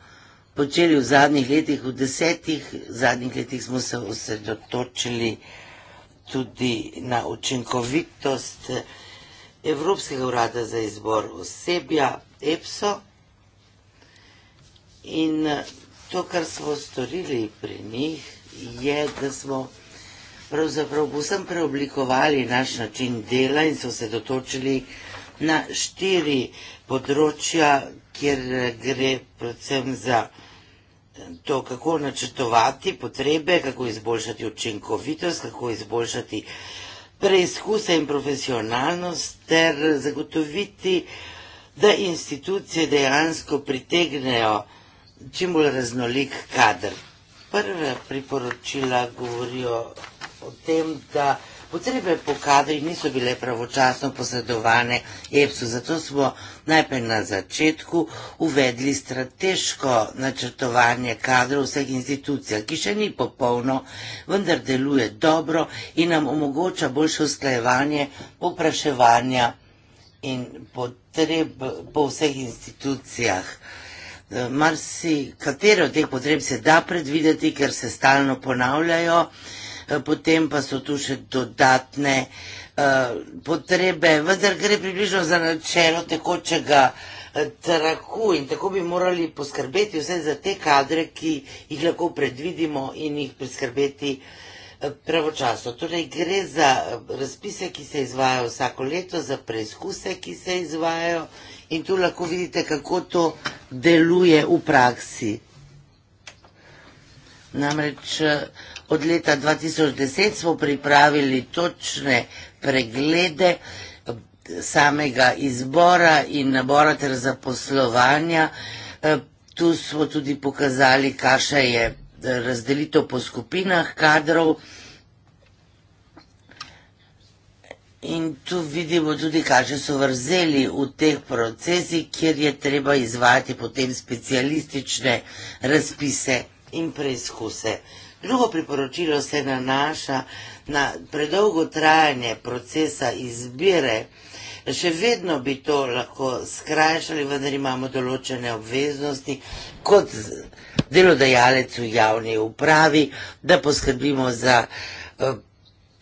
počeli v zadnjih letih, v desetih zadnjih letih smo se osredotočili tudi na učinkovitost Evropskega urada za izbor osebja EPSO in to, kar smo storili pri njih, je, da smo pravzaprav povsem preoblikovali naš način dela in so se dotočili na štiri področja, kjer gre predvsem za eh, to, kako načrtovati potrebe, kako izboljšati učinkovitost, kako izboljšati preizkuse in profesionalnost ter zagotoviti, da institucije dejansko pritegnejo čim bolj raznolik kader. Prve priporočila govorijo o tem, da potrebe po kadrih niso bile pravočasno posredovane EPS-u. Zato smo najprej na začetku uvedli strateško načrtovanje kadrov vseh institucij, ki še ni popolno, vendar deluje dobro in nam omogoča boljše usklajevanje popraševanja in potreb po vseh institucijah. Mar si katero od teh potreb se da predvideti, ker se stalno ponavljajo, uh, Eh, potem pa so tu še dodatne eh, potrebe, vendar gre približno za načelo tekočega eh, traku in tako bi morali poskrbeti vse za te kadre, ki jih lahko predvidimo in jih priskrbeti pravočasno. Torej gre za razpise, ki se izvajajo vsako leto, za preizkuse, ki se izvajajo in tu lahko vidite, kako to deluje v praksi. Namreč eh, od leta 2010 smo pripravili točne preglede eh, samega izbora in nabora ter zaposlovanja. Eh, tu smo tudi pokazali, kakšna je razdelitev po skupinah kadrov. In tu vidimo tudi, kakšne so vrzeli v teh procesih, kjer je treba izvajati potem specialistične razpise in preizkuse. Drugo priporočilo se nanaša na predolgo trajanje procesa izbire. Še vedno bi to lahko skrajšali, vendar imamo določene obveznosti kot delodajalec v javni upravi, da poskrbimo za eh,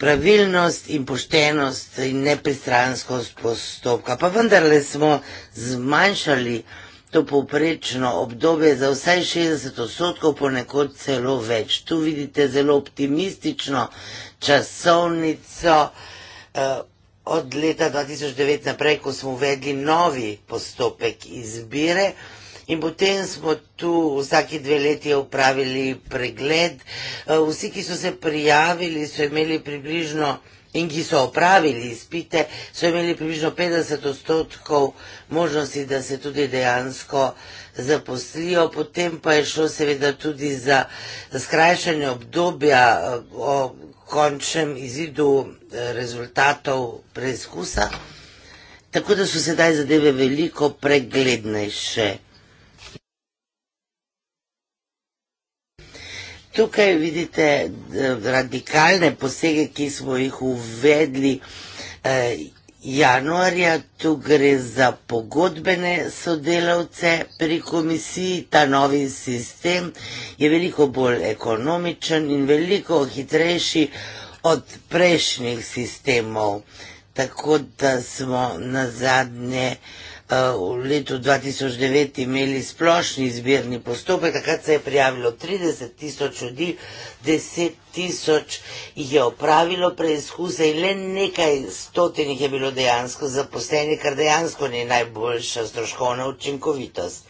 pravilnost in poštenost in nepristranskost postopka. Pa vendarle smo zmanjšali to poprečno obdobje za vsaj 60 odstotkov, ponekod celo več. Tu vidite zelo optimistično časovnico eh, od leta 2009 naprej, ko smo uvedli novi postopek izbire. In potem smo tu vsaki dve leti upravili pregled. Eh, vsi, ki so se prijavili, so imeli približno in ki so opravili izpite, so imeli približno 50 odstotkov možnosti, da se tudi dejansko zaposlijo. Potem pa je šlo seveda tudi za skrajšanje obdobja eh, o končnem izidu eh, rezultatov preizkusa. Tako da so sedaj zadeve veliko preglednejše. Tukaj vidite eh, radikalne posege, ki smo jih uvedli eh, januarja. Tu gre za pogodbene sodelavce pri komisiji. Ta novi sistem je veliko bolj ekonomičen in veliko hitrejši od prejšnjih sistemov. Tako da smo na zadnje. Eh, v letu 2009 imeli splošni izbirni postopek, takrat se je prijavilo 30 tisoč ljudi, 10 tisoč jih je opravilo preizkuse in le nekaj stotinih je bilo dejansko zaposleni, kar dejansko ni najboljša stroškovna učinkovitost.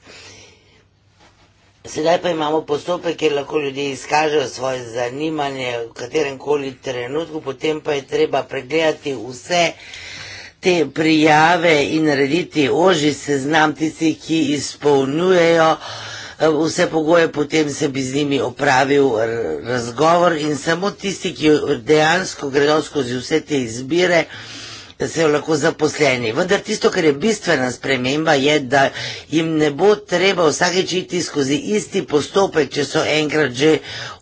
Sedaj pa imamo postopek, kjer lahko ljudje izkažejo svoje zanimanje v katerem koli trenutku, potem pa je treba pregledati vse te prijave in narediti oži seznam tistih, ki izpolnjujejo eh, vse pogoje, potem se bi z njimi opravil razgovor in samo tisti, ki dejansko gredo skozi vse te izbire, se jo lahko zaposleni. Vendar tisto, kar je bistvena sprememba, je, da jim ne bo treba vsakeč iti skozi isti postopek, če so enkrat že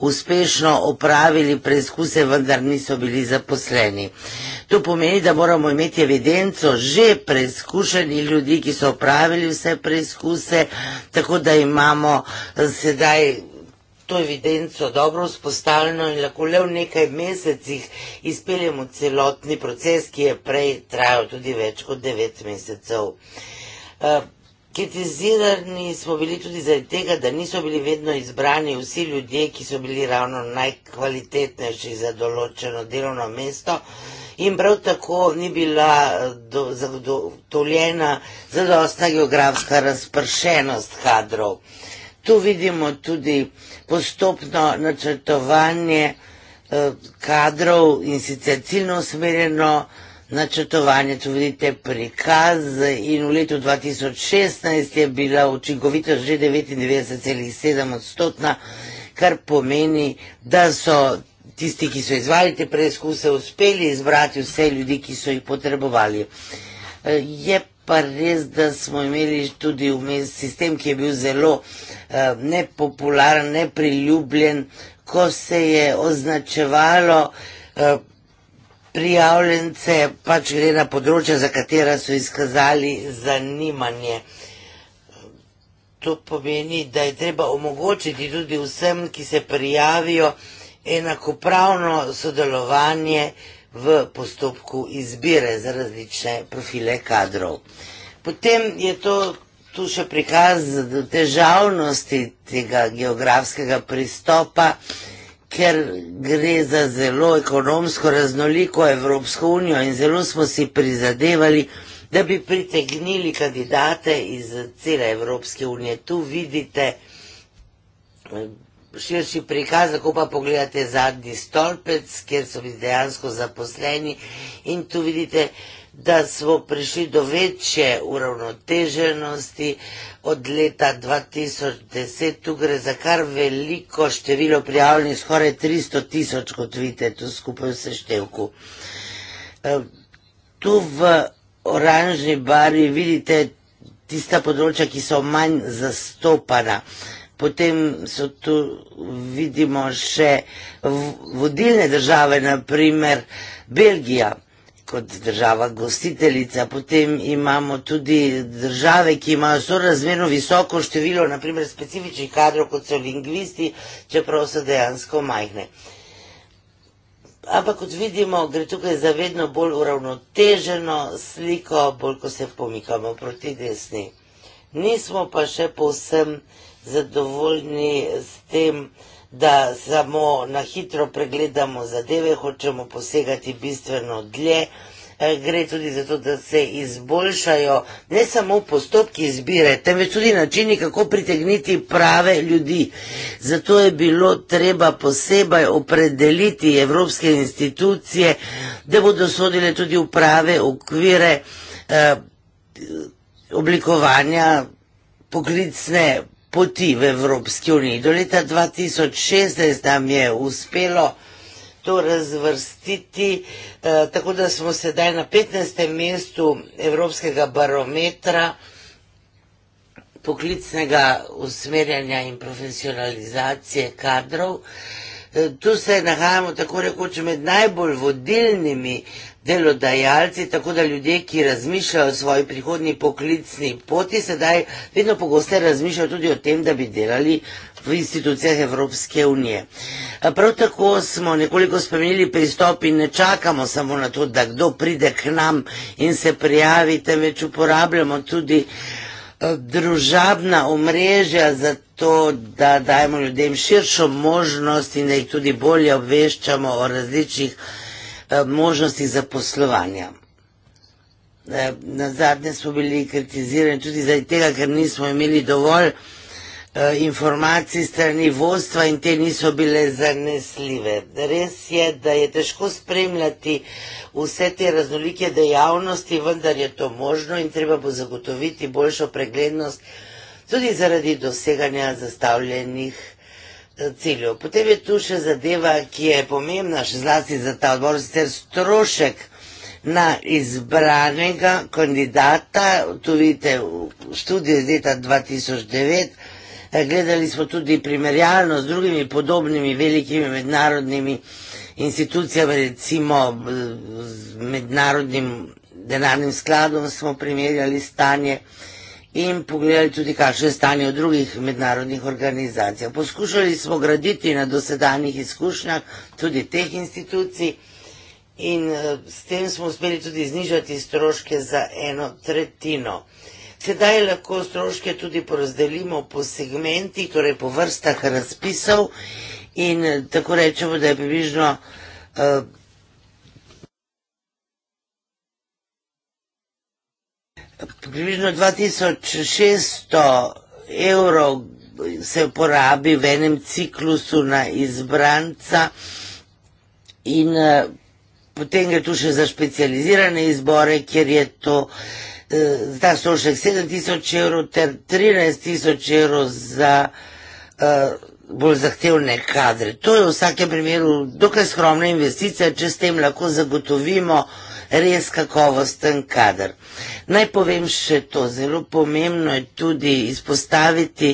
uspešno opravili preizkuse, vendar niso bili zaposleni. To pomeni, da moramo imeti evidenco že preizkušenih ljudi, ki so opravili vse preizkuse, tako da imamo eh, sedaj to evidenco dobro vzpostavljeno in lahko le v nekaj mesecih izpeljemo celotni proces, ki je prej trajal tudi več kot devet mesecev. Eh, kritizirani smo bili tudi zaradi tega, da niso bili vedno izbrani vsi ljudje, ki so bili ravno najkvalitetnejši za določeno delovno mesto in prav tako ni bila do, zagotovljena zadostna geografska razpršenost kadrov. Tu vidimo tudi postopno načrtovanje eh, kadrov in sicer ciljno usmerjeno načrtovanje, tu vidite prikaz in v letu 2016 je bila učinkovitost že 99,7 odstotna, kar pomeni, da so tisti, ki so izvali te preizkuse, uspeli izbrati vse ljudi, ki so jih potrebovali. Eh, je pa res, da smo imeli tudi vmes sistem, ki je bil zelo eh, nepopularen, nepriljubljen, ko se je označevalo eh, prijavljence, pač gre na področja, za katera so izkazali zanimanje. To pomeni, da je treba omogočiti tudi vsem, ki se prijavijo, da enakopravno sodelovanje v postopku izbire za različne profile kadrov. Potem je to tu še prikaz težavnosti tega geografskega pristopa, ker gre za zelo ekonomsko raznoliko Evropsko unijo in zelo smo si prizadevali, da bi pritegnili kandidate iz cele Evropske unije. Tu vidite širši prikaz, lahko pa pogledate zadnji stolpec, kjer so bili dejansko zaposleni in tu vidite, da smo prišli do večje uravnoteženosti od leta 2010. Tu gre za kar veliko število prijavljenih, skoraj 300 tisoč, kot vidite, tu skupaj v seštevku. Ehm, tu v oranžni barvi vidite tista področja, ki so manj zastopana. Potem so tu, vidimo, še vodilne države, naprimer Belgija kot država gostiteljica. Potem imamo tudi države, ki imajo sorazmerno visoko število, naprimer specifičnih kadrov, kot so lingvisti, čeprav so dejansko majhne. Ampak kot vidimo, gre tukaj za vedno bolj uravnoteženo sliko, bolj ko se pomikamo proti desni. Nismo pa še povsem po zadovoljni s tem, da samo na hitro pregledamo zadeve, hočemo posegati bistveno dlje. Eh, gre tudi za to, da se izboljšajo ne samo postopki izbire, temveč tudi načini, kako pritegniti prave ljudi. Zato je bilo treba posebej opredeliti evropske institucije, da bodo sodile tudi v prave okvire eh, oblikovanja poklicne poti v Evropski uniji. Do leta 2016 nam je uspelo to razvrstiti, eh, tako da smo sedaj na 15. mestu Evropskega barometra poklicnega usmerjanja in profesionalizacije kadrov. Eh, tu se nahajamo tako rekoč med najbolj vodilnimi delodajalci, tako da ljudje, ki razmišljajo o svoji prihodni poklicni poti, sedaj vedno pogosteje razmišljajo tudi o tem, da bi delali v institucijah Evropske unije. Prav tako smo nekoliko spremenili pristop in ne čakamo samo na to, da kdo pride k nam in se prijavi, temveč uporabljamo tudi družabna omrežja za to, da dajemo ljudem širšo možnost in da jih tudi bolje obveščamo o različnih Eh, možnosti zaposlovanja. Eh, na zadnje smo bili kritizirani tudi zaradi tega, ker nismo imeli dovolj eh, informacij strani vodstva in te niso bile zanesljive. Res je, da je težko spremljati vse te raznolike dejavnosti, vendar je to možno in treba bo zagotoviti boljšo preglednost tudi zaradi doseganja zastavljenih cilju. Potem je tu še zadeva, ki je pomembna, še zlasti za ta odbor, sicer strošek na izbranega kandidata, tu vidite študijo iz leta 2009, gledali smo tudi primerjalno z drugimi podobnimi velikimi mednarodnimi institucijami, recimo z mednarodnim denarnim skladom smo primerjali stanje in pogledali tudi, kakšno je stanje v drugih mednarodnih organizacijah. Poskušali smo graditi na dosedanjih izkušnjah tudi teh institucij in eh, s tem smo uspeli tudi znižati stroške za eno tretjino. Sedaj lahko stroške tudi porazdelimo po segmentih, torej po vrstah razpisov in eh, tako rečemo, da je približno. Uh, približno 2600 evrov se uporabi v enem ciklusu na izbranca in eh, potem gre tu še za specializirane izbore, kjer je to eh, ta strošek 7000 evrov ter 13000 evrov za eh, bolj zahtevne kadre. To je v vsakem primeru dokaj skromna investicija, če s tem lahko zagotovimo uh, res kakovosten kader. Naj povem še to, zelo pomembno je tudi izpostaviti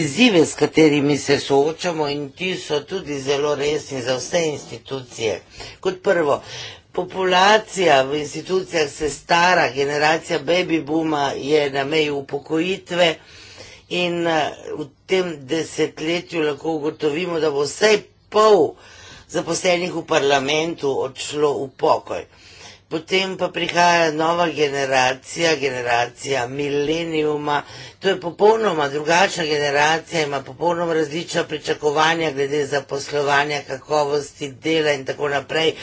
izzive, s katerimi se soočamo in ti so tudi zelo resni za vse institucije. Kot prvo, populacija v institucijah se stara, generacija baby booma je na meji upokojitve. In eh, v tem desetletju lahko ugotovimo, da bo vsaj pol zaposlenih v parlamentu odšlo v pokoj. Potem pa prihaja nova generacija, generacija milenijuma. To je popolnoma drugačna generacija, ima popolnoma različna pričakovanja glede zaposlovanja, kakovosti dela in tako naprej.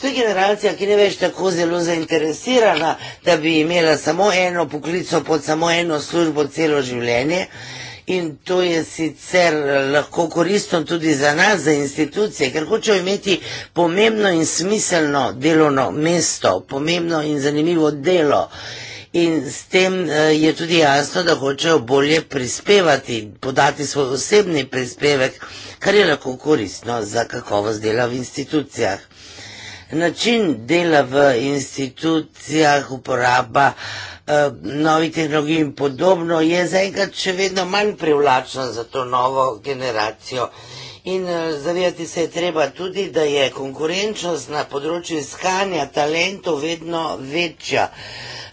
To je generacija, ki ne več tako zelo zainteresirana, da bi imela samo eno poklico pod samo eno službo celo življenje in to je sicer lahko koristno tudi za nas, za institucije, ker hočejo imeti pomembno in smiselno delovno mesto, pomembno in zanimivo delo. In s tem eh, je tudi jasno, da hočejo bolje prispevati, podati svoj osebni prispevek, kar je lahko koristno za kakovost dela v institucijah način dela v institucijah, uporaba eh, novih tehnologij in podobno je zaenkrat še vedno manj privlačna za to novo generacijo. In eh, zavijati se je treba tudi, da je konkurenčnost na področju iskanja talentov vedno večja.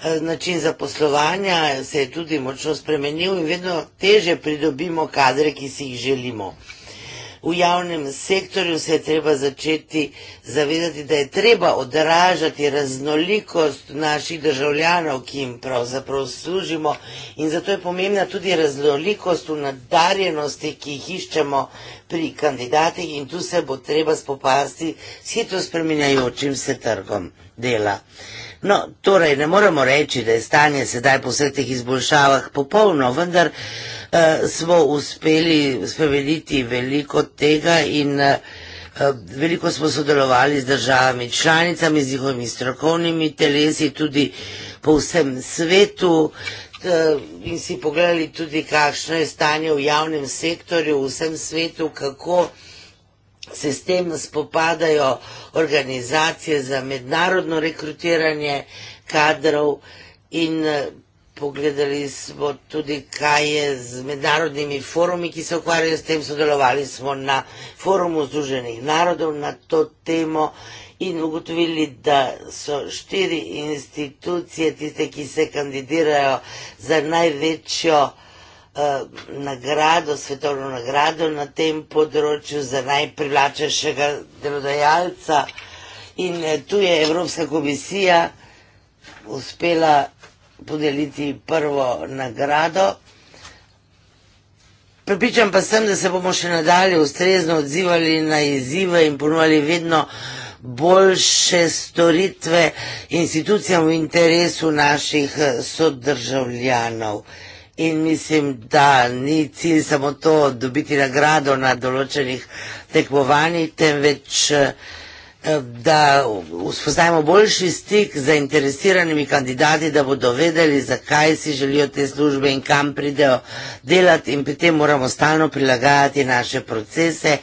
Eh, način zaposlovanja se je tudi močno spremenil in vedno teže pridobimo kadre, ki si jih želimo v javnem sektorju se je treba začeti zavedati, da je treba odražati raznolikost naših državljanov, ki jim pravzaprav služimo in zato je pomembna tudi raznolikost v nadarjenosti, ki jih iščemo pri kandidatih in tu se bo treba spopasti s hitro spreminjajočim se trgom dela. No, torej ne moremo reči, da je stanje sedaj po vseh teh izboljšavah popolno, vendar eh, smo uspeli spremeniti veliko tega in eh, eh, veliko smo sodelovali z državami, članicami, z njihovimi strokovnimi telesi, tudi po vsem svetu eh, in si pogledali tudi, kakšno je stanje v javnem sektorju, v vsem svetu, kako se s tem spopadajo organizacije za mednarodno rekrutiranje kadrov in eh, pogledali smo tudi, kaj je z mednarodnimi forumi, ki se ukvarjajo s tem, sodelovali smo na forumu Združenih narodov na to temo in ugotovili, da so štiri institucije tiste, ki se kandidirajo za največjo Eh, nagrado, svetovno nagrado na tem področju za najprivlačnejšega delodajalca. In eh, tu je Evropska komisija uspela podeliti prvo nagrado. Pripričam pa sem, da se bomo še nadalje ustrezno odzivali na izzive in ponovali vedno boljše storitve institucijam v interesu naših eh, sodržavljanov in mislim, da ni cilj samo to dobiti nagrado na določenih tekmovanjih, temveč eh, da vzpostavimo boljši stik z zainteresiranimi kandidati, da bodo vedeli, zakaj si želijo te službe in kam pridejo delati in pri tem moramo stalno prilagajati naše procese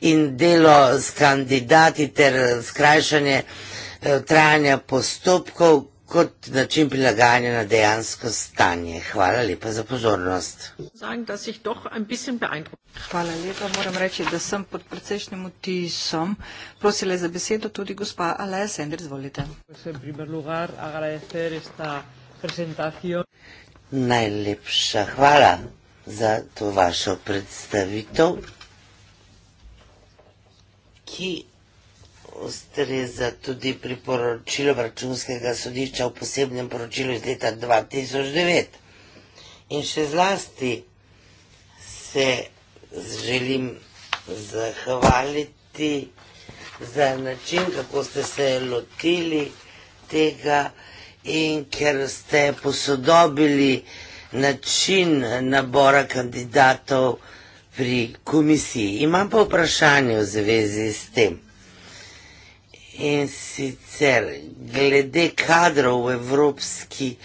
in delo s kandidati ter skrajšanje eh, trajanja postopkov, kot način prilagajanja na dejansko stanje. Hvala lepa za pozornost. Hvala lepa. Moram reči, da sem pod precejšnjim vtisom. Prosila je za besedo tudi gospa Aleja Sender, izvolite. Najlepša hvala za to vašo predstavitev, ki ustreza tudi priporočilo računskega sodišča v posebnem poročilu iz leta 2009. In še zlasti se želim zahvaliti za način, kako ste se lotili tega in ker ste posodobili način nabora kandidatov pri komisiji. Imam pa vprašanje v zvezi s tem in sicer glede kadrov v Evropski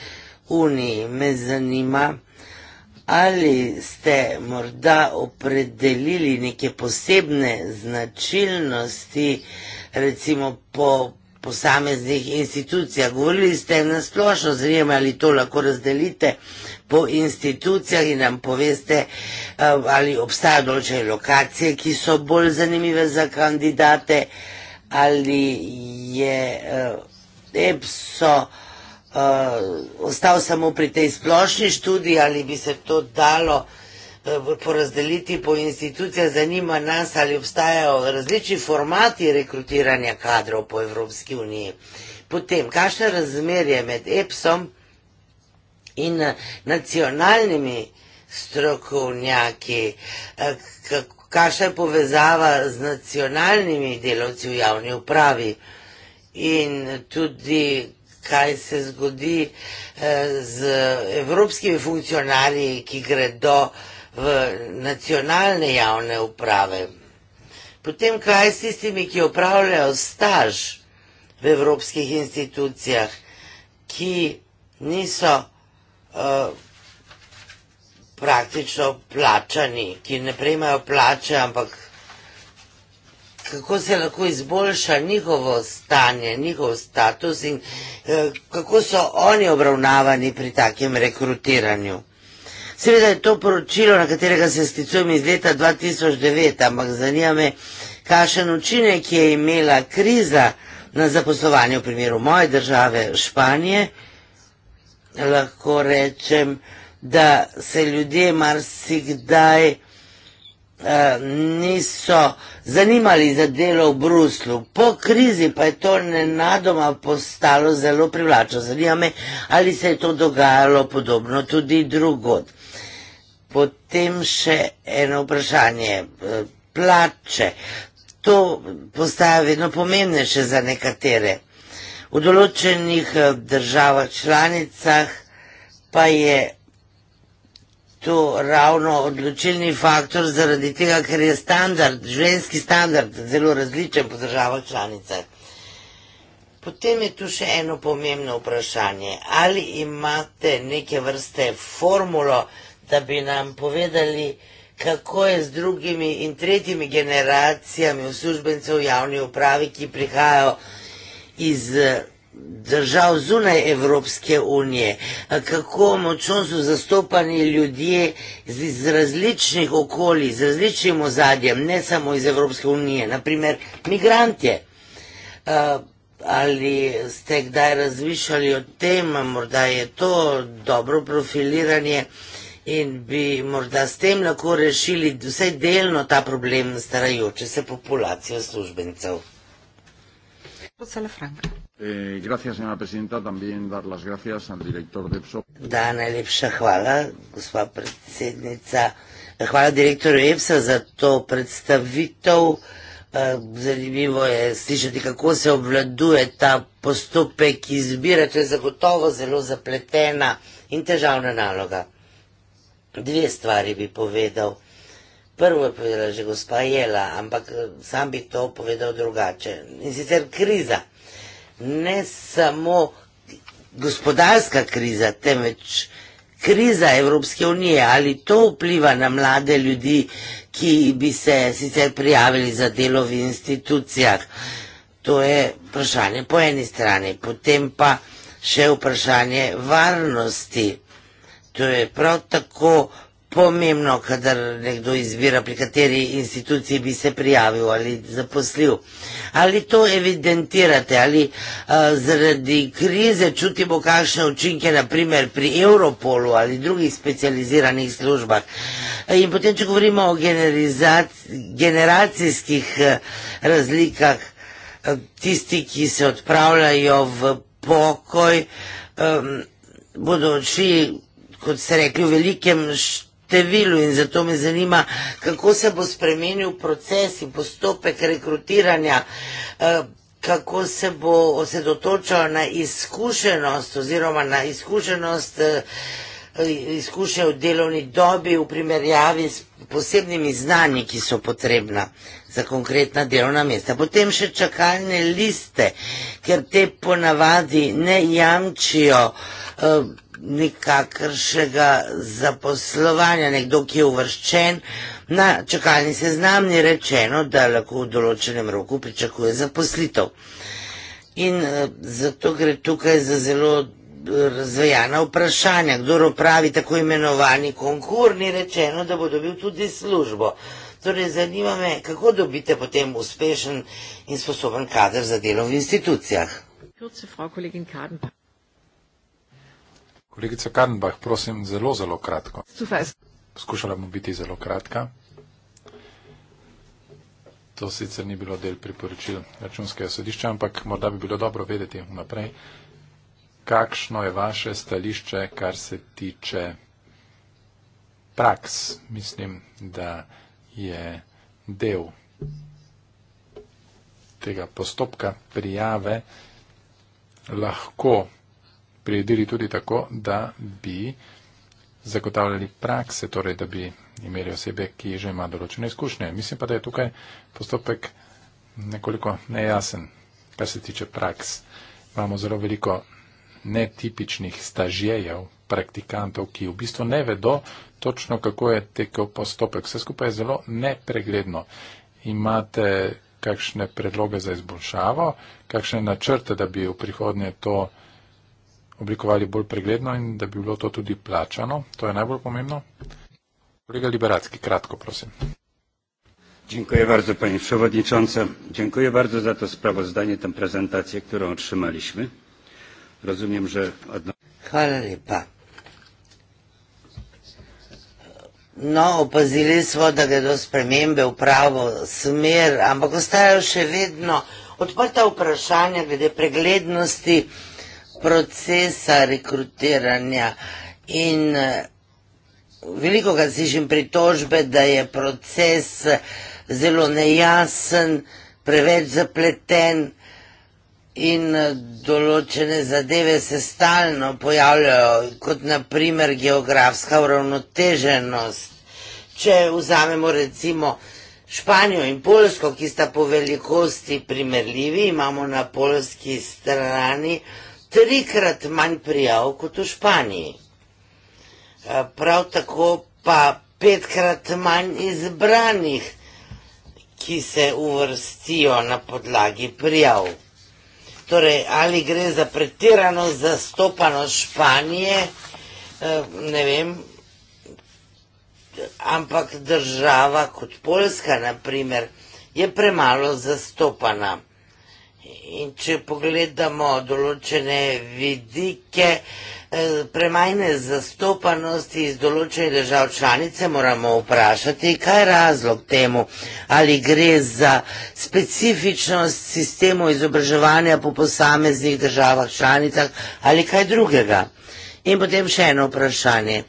uniji me zanima, ali ste morda opredelili neke posebne značilnosti, recimo po posameznih institucijah. Govorili ste na splošno zrejme, ali to lahko razdelite po institucijah in nam poveste, eh, ali obstajajo določene lokacije, ki so bolj zanimive za kandidate, ali ali je uh, eh, EPSO uh, eh, ostal samo pri tej splošni študiji ali bi se to dalo eh, porazdeliti po institucijah, zanima nas, ali obstajajo različni formati rekrutiranja kadrov po Evropski uniji. Potem, kakšne razmerje med EPSOM in nacionalnimi strokovnjaki, kako kakšna je povezava z nacionalnimi delavci v javni upravi in tudi kaj se zgodi eh, z evropskimi funkcionarji, ki gredo v nacionalne javne uprave. Potem kaj s tistimi, ki opravljajo staž v evropskih institucijah, ki niso uh, praktično plačani, ki ne prejmajo plače, ampak kako se lahko izboljša njihovo stanje, njihov status in eh, kako so oni obravnavani pri takem rekrutiranju. Seveda je to poročilo, na katerega se sticujem iz leta 2009, ampak zanima me, kakšen učinek je imela kriza na zaposlovanje v primeru moje države, Španije, lahko rečem, da se ljudje marsikdaj uh, niso zanimali za delo v Bruslu. Po krizi pa je to nenadoma postalo zelo privlačno. Zanima me, ali se je to dogajalo podobno tudi drugod. Potem še eno vprašanje. Eh, plače. To postaja vedno pomembnejše za nekatere. V določenih eh, državah članicah pa je tu ravno odločilni faktor zaradi tega, ker je standard, ženski standard zelo različen po državah članicah. Potem je tu še eno pomembno vprašanje. Ali imate neke vrste formulo, da bi nam povedali, kako je z drugimi in tretjimi generacijami uslužbencev v javni upravi, ki prihajajo iz držav zunaj Evropske unije, kako močno so zastopani ljudje iz, iz različnih okolij, z različnim ozadjem, ne samo iz Evropske unije, naprimer migrantje. Ali ste kdaj razmišljali o tem, morda je to dobro profiliranje in bi morda s tem lahko rešili vsaj delno ta problem starajoče se populacije službencev? Gospod Salafranka. Eh, gracias, señora presidenta. También dar las gracias al director de EPSO. Da, najlepša hvala, gospa predsednica. Eh, hvala direktoru EPSO za to predstavitev. Eh, zanimivo je slišati, kako se obvladuje ta postopek izbire. To je zagotovo zelo zapletena in težavna naloga. Dve stvari bi povedal. Prvo je povedala že gospa Jela, ampak eh, sam bi to povedal drugače. In sicer kriza ne samo gospodarska kriza, temveč kriza Evropske unije. Ali to vpliva na mlade ljudi, ki bi se sicer prijavili za delo v institucijah? To je vprašanje po eni strani, potem pa še vprašanje varnosti. To je prav tako pomembno, kadar nekdo izbira, pri kateri instituciji bi se prijavil ali zaposlil. Ali to evidentirate, ali a, zaradi krize čutimo kakšne učinke, naprimer pri Europolu ali drugih specializiranih službah. In potem, če govorimo o generacijskih razlikah, tisti, ki se odpravljajo v pokoj, bodo odšli, kot ste rekli, v velikem številu, številu in zato me zanima, kako se bo spremenil proces in postopek rekrutiranja, eh, kako se bo osredotočal na izkušenost oziroma na izkušenost eh, izkušnje v delovni dobi v primerjavi s posebnimi znanji, ki so potrebna za konkretna delovna mesta. Potem še čakalne liste, ker te ponavadi ne jamčijo uh, nikakršnega zaposlovanja. Nekdo, ki je uvrščen na čakalni seznam, ni rečeno, da lahko v določenem roku pričakuje zaposlitev. In eh, zato gre tukaj za zelo eh, razvejana vprašanja. Kdor opravi tako imenovani konkurs, ni rečeno, da bo dobil tudi službo. Torej, zanima me, kako dobite potem uspešen in sposoben kader za delo v institucijah. Kurze Frau Kollegin Kadenbach. Kolegica Kardenbach, prosim, zelo, zelo kratko. Super. Poskušala bom biti zelo kratka. To sicer ni bilo del priporočil računskega sodišča, ampak morda bi bilo dobro vedeti naprej, kakšno je vaše stališče, kar se tiče praks. Mislim, da je del tega postopka prijave lahko priredili tudi tako, da bi zagotavljali prakse, torej da bi imeli osebe, ki že ima določene izkušnje. Mislim pa, da je tukaj postopek nekoliko nejasen, kar se tiče praks. Imamo zelo veliko netipičnih stažjejev, praktikantov, ki v bistvu ne vedo točno, kako je tekel postopek. Vse skupaj je zelo nepregledno. Imate kakšne predloge za izboljšavo, kakšne načrte, da bi v prihodnje to oblikovali bolj pregledno in da bi bilo to tudi plačano. To je najbolj pomembno. Kolega Liberacki, kratko, prosim. Dziękuję bardzo Pani Przewodnicząca. Dziękuję bardzo za to sprawozdanie, tę prezentację, którą otrzymaliśmy. Rozumiem, że... Odno... Hvala lepa. No, opazili smo, da gredo spremembe v pravo smer, ampak ostajajo še vedno odprta vprašanja glede preglednosti procesa rekrutiranja in eh, veliko ga slišim pritožbe, da je proces eh, zelo nejasen, preveč zapleten in eh, določene zadeve se stalno pojavljajo, kot naprimer geografska uravnoteženost. Če vzamemo recimo Španijo in Polsko, ki sta po velikosti primerljivi, imamo na polski strani trikrat manj prijav kot v Španiji. Prav tako pa petkrat manj izbranih, ki se uvrstijo na podlagi prijav. Torej, ali gre za pretirano zastopano Španije, ne vem, ampak država kot Poljska, naprimer, je premalo zastopana in če pogledamo določene vidike eh, premajne zastopanosti iz določene držav članice, moramo vprašati, kaj je razlog temu, ali gre za specifičnost sistemu izobraževanja po posameznih državah članicah ali kaj drugega. In potem še eno vprašanje.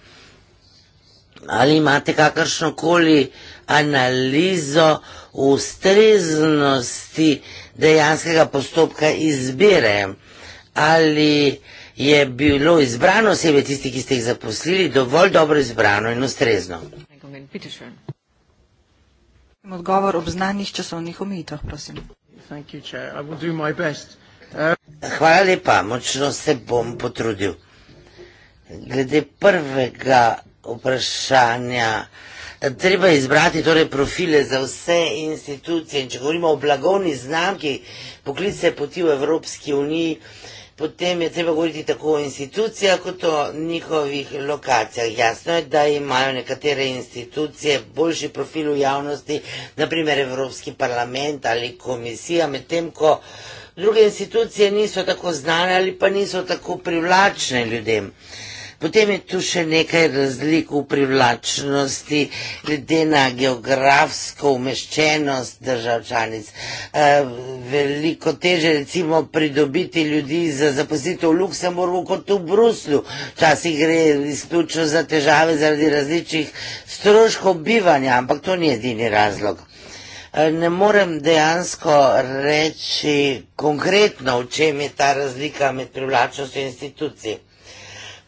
Ali imate kakršnokoli analizo ustreznosti dejanskega postopka izbire, ali je bilo izbrano osebe tisti, ki ste jih zaposlili, dovolj dobro izbrano in ustrezno. Odgovor ob znanih časovnih omejitev, prosim. Uh, Hvala lepa, močno se bom potrudil. Glede prvega vprašanja, treba izbrati torej profile za vse institucije in če govorimo o blagovni znamki poklice poti v Evropski uniji, potem je treba govoriti tako o institucijah kot o njihovih lokacijah. Jasno je, da imajo nekatere institucije boljši profil v javnosti, naprimer Evropski parlament ali komisija, medtem ko druge institucije niso tako znane ali pa niso tako privlačne ljudem. Potem je tu še nekaj razlik v privlačnosti, glede na geografsko umeščenost držav članic. E, veliko teže recimo pridobiti ljudi za zaposlitev v Luksemburgu kot v Bruslju. Včasih gre izključno za težave zaradi različnih stroškov bivanja, ampak to ni edini razlog. Eh, ne morem dejansko reči konkretno, v čem je ta razlika med privlačnostjo institucij.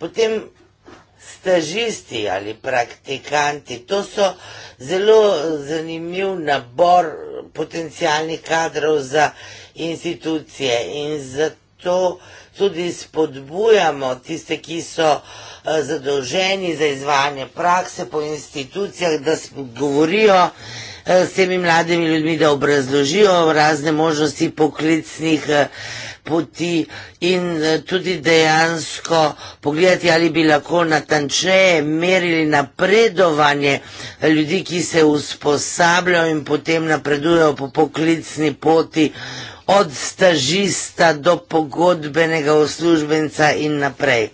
Potem stažisti ali praktikanti, to so zelo zanimiv nabor potencijalnih kadrov za institucije in zato tudi spodbujamo tiste, ki so eh, zadolženi za izvajanje prakse po institucijah, da govorijo eh, s temi mladimi ljudmi, da obrazložijo razne možnosti poklicnih eh, poti in eh, tudi dejansko pogledati, ali bi lahko natančneje merili napredovanje ljudi, ki se usposabljajo in potem napredujejo po poklicni poti od stažista do pogodbenega uslužbenca in naprej.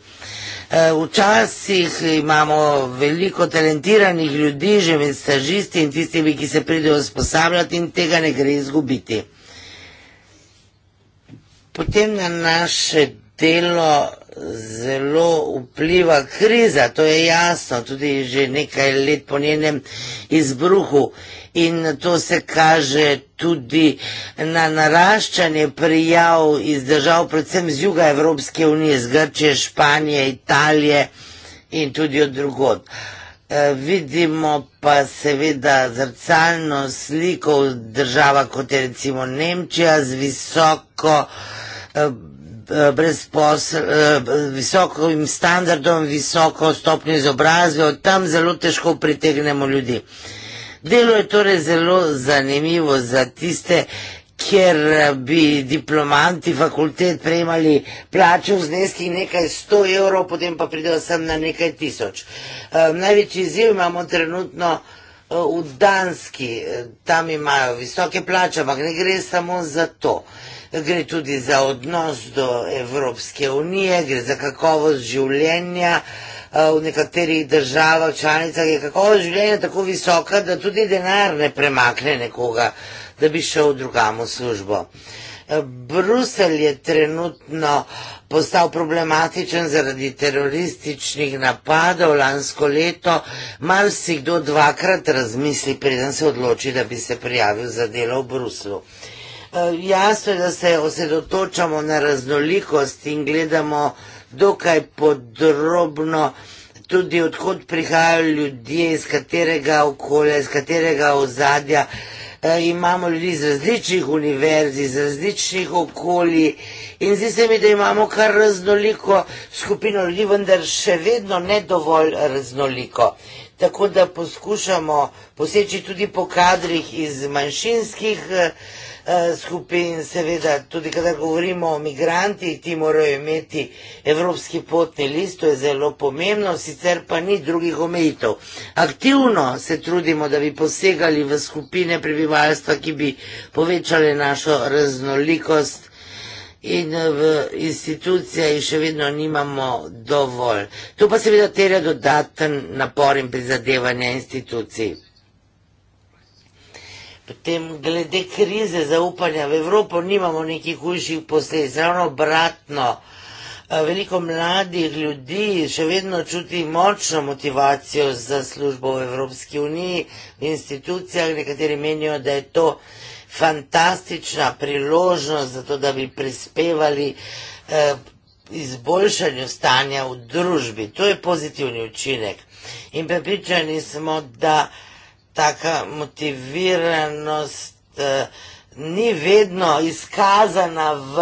Eh, včasih imamo veliko talentiranih ljudi, že med stažisti in tistimi, ki se pridejo usposabljati in tega ne gre izgubiti potem na naše delo zelo vpliva kriza, to je jasno, tudi že nekaj let po njenem izbruhu in to se kaže tudi na naraščanje prijav iz držav, predvsem z juga Evropske unije, z Grčije, Španije, Italije in tudi od drugod. E, vidimo pa seveda zrcalno sliko v država, kot je recimo Nemčija, z visoko Eh, eh, brez posel, eh, visokim standardom, visoko stopnjo izobrazbe, od tam zelo težko pritegnemo ljudi. Delo je torej zelo zanimivo za tiste, kjer bi diplomanti fakultet prejemali plače v zneski nekaj sto evrov, potem pa pridejo sem na nekaj tisoč. Največji izziv imamo trenutno v Danski, tam imajo visoke plače, ampak ne gre samo za to gre tudi za odnos do Evropske unije, gre za kakovost življenja. Eh, v nekaterih državah, članicah je kakovost življenja tako visoka, da tudi denar ne premakne nekoga, da bi šel v drugamo službo. Eh, Brusel je trenutno postal problematičen zaradi terorističnih napadov lansko leto. Marsikdo dvakrat razmisli, preden se odloči, da bi se prijavil za delo v Bruslu. Eh, jasno je, da se osredotočamo na raznolikost in gledamo dokaj podrobno tudi odhod prihajajo ljudje, iz katerega okolja, iz katerega ozadja. E, imamo ljudi iz različnih univerz, iz različnih okolij in zdi se mi, da imamo kar raznoliko skupino ljudi, vendar še vedno ne dovolj raznoliko. Tako da poskušamo poseči tudi po kadrih iz manjšinskih e, Eh, skupin, seveda tudi kada govorimo o migrantih, ti morajo imeti evropski potni list, to je zelo pomembno, sicer pa ni drugih omejitev. Aktivno se trudimo, da bi posegali v skupine prebivalstva, ki bi povečale našo raznolikost. In eh, v institucijah še vedno nimamo dovolj. To pa seveda terja dodaten napor in prizadevanje institucij. Potem glede krize zaupanja v Evropo nimamo nekih hujših posledic, ravno obratno. Eh, veliko mladih ljudi še vedno čuti močno motivacijo za službo v Evropski uniji, v institucijah, nekateri menijo, da je to fantastična priložnost za to, da bi prispevali eh, izboljšanju stanja v družbi. To je pozitivni učinek. In prepričani smo, da taka motiviranost eh, ni vedno izkazana v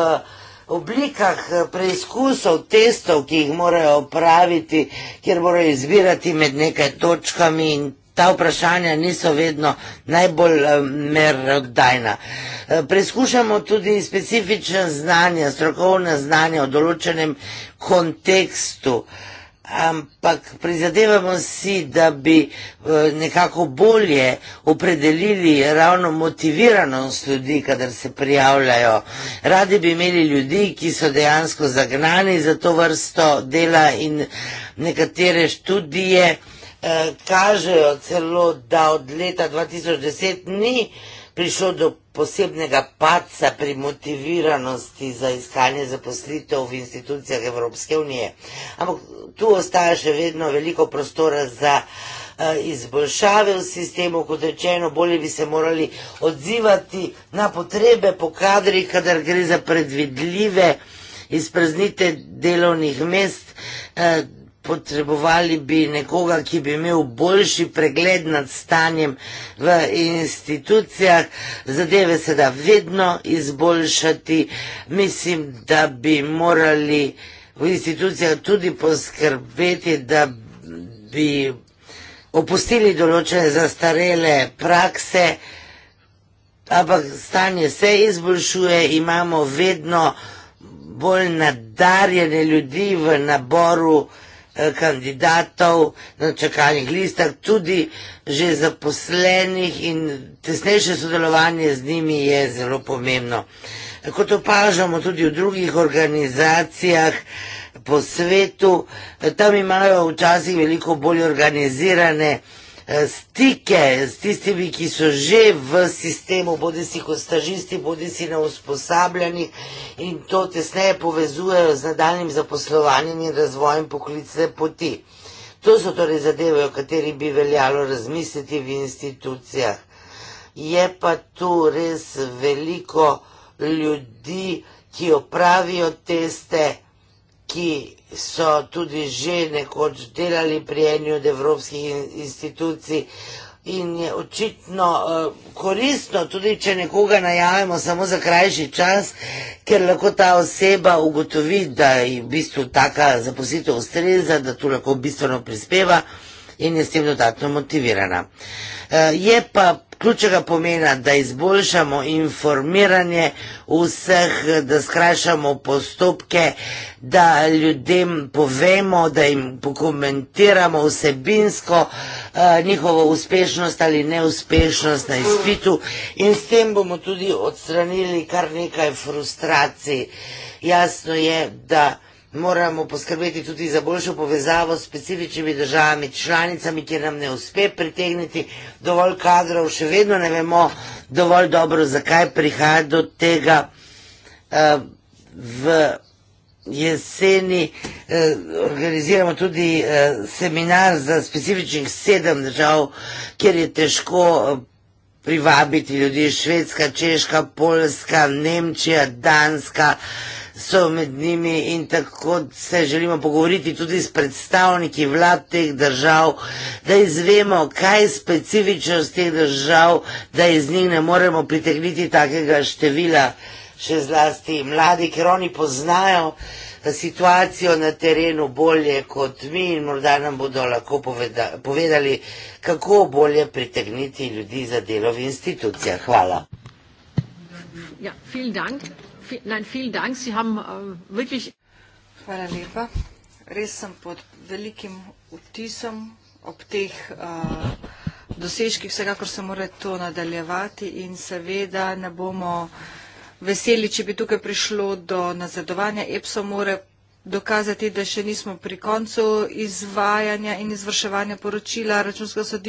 oblikah eh, preizkusov, testov, ki jih morajo opraviti, kjer morajo izbirati med nekaj točkami in ta vprašanja niso vedno najbolj eh, merodajna. Preizkušamo tudi specifične znanja, strokovne znanja v določenem kontekstu ampak prizadevamo si, da bi eh, nekako bolje opredelili ravno motiviranost ljudi, kadar se prijavljajo. Radi bi imeli ljudi, ki so dejansko zagnani za to vrsto dela in nekatere študije eh, kažejo celo, da od leta 2010 ni prišlo do posebnega paca pri motiviranosti za iskanje zaposlitev v institucijah Evropske unije. Ampak tu ostaja še vedno veliko prostora za eh, izboljšave v sistemu, kot rečeno, bolje bi se morali odzivati na potrebe po kadri, kadar gre za predvidljive izpraznite delovnih mest, eh, Potrebovali bi nekoga, ki bi imel boljši pregled nad stanjem v institucijah, zadeve se da vedno izboljšati. Mislim, da bi morali v institucijah tudi poskrbeti, da bi opustili določene zastarele prakse, ampak stanje se izboljšuje, imamo vedno bolj nadarjene ljudi v naboru, Eh, kandidatov na čakalnih listah, tudi že zaposlenih in tesnejše sodelovanje z njimi je zelo pomembno. Kot opažamo tudi v drugih organizacijah po svetu, eh, tam imajo včasih veliko bolj organizirane Eh, stike s tistimi, ki so že v sistemu, bodi si kot stažisti, bodi si neusposabljani in to tesneje povezujejo z nadaljnim zaposlovanjem in razvojem poklicne poti. To so torej zadeve, o kateri bi veljalo razmisliti v institucijah. Je pa tu res veliko ljudi, ki opravijo teste, ki so tudi že nekoč delali pri eni od evropskih institucij. In je očitno uh, koristno, tudi če nekoga najavimo samo za krajši čas, ker lahko ta oseba ugotovi, da je v bistvu taka zaposlitev ustreza, da tu lahko bistveno prispeva in je s tem dodatno motivirana. Uh, je pa ključnega pomena, da izboljšamo informiranje vseh, da skrajšamo postopke, da ljudem povemo, da jim pokomentiramo vsebinsko eh, njihovo uspešnost ali neuspešnost na izpitu in s tem bomo tudi odstranili kar nekaj frustracij. Jasno je, da moramo poskrbeti tudi za boljšo povezavo s specifičnimi državami, članicami, kjer nam ne uspe pritegniti dovolj kadrov, še vedno ne vemo dovolj dobro, zakaj prihaja do tega eh, v jeseni. Eh, organiziramo tudi eh, seminar za specifičnih sedem držav, kjer je težko privabiti ljudi, Švedska, Češka, Poljska, Nemčija, Danska, so med njimi in tako se želimo pogovoriti tudi s predstavniki vlad teh držav, da izvemo, kaj je specifičnost teh držav, da iz njih ne moremo pritegniti takega števila, še zlasti mladi, ker oni poznajo situacijo na terenu bolje kot mi in morda nam bodo lahko poveda, povedali, kako bolje pritegniti ljudi za delo v institucijah. Hvala. Ja, vielen Dank. Nein, vielen Dank. Sie haben äh, wirklich. Hvala lepa. Res sem pod velikim vtisom ob teh uh, dosežkih, vsekakor se mora to nadaljevati in seveda ne bomo veseli, če bi tukaj prišlo do nazadovanja. EPSO mora dokazati, da še nismo pri koncu izvajanja in izvrševanja poročila računskega sodišča.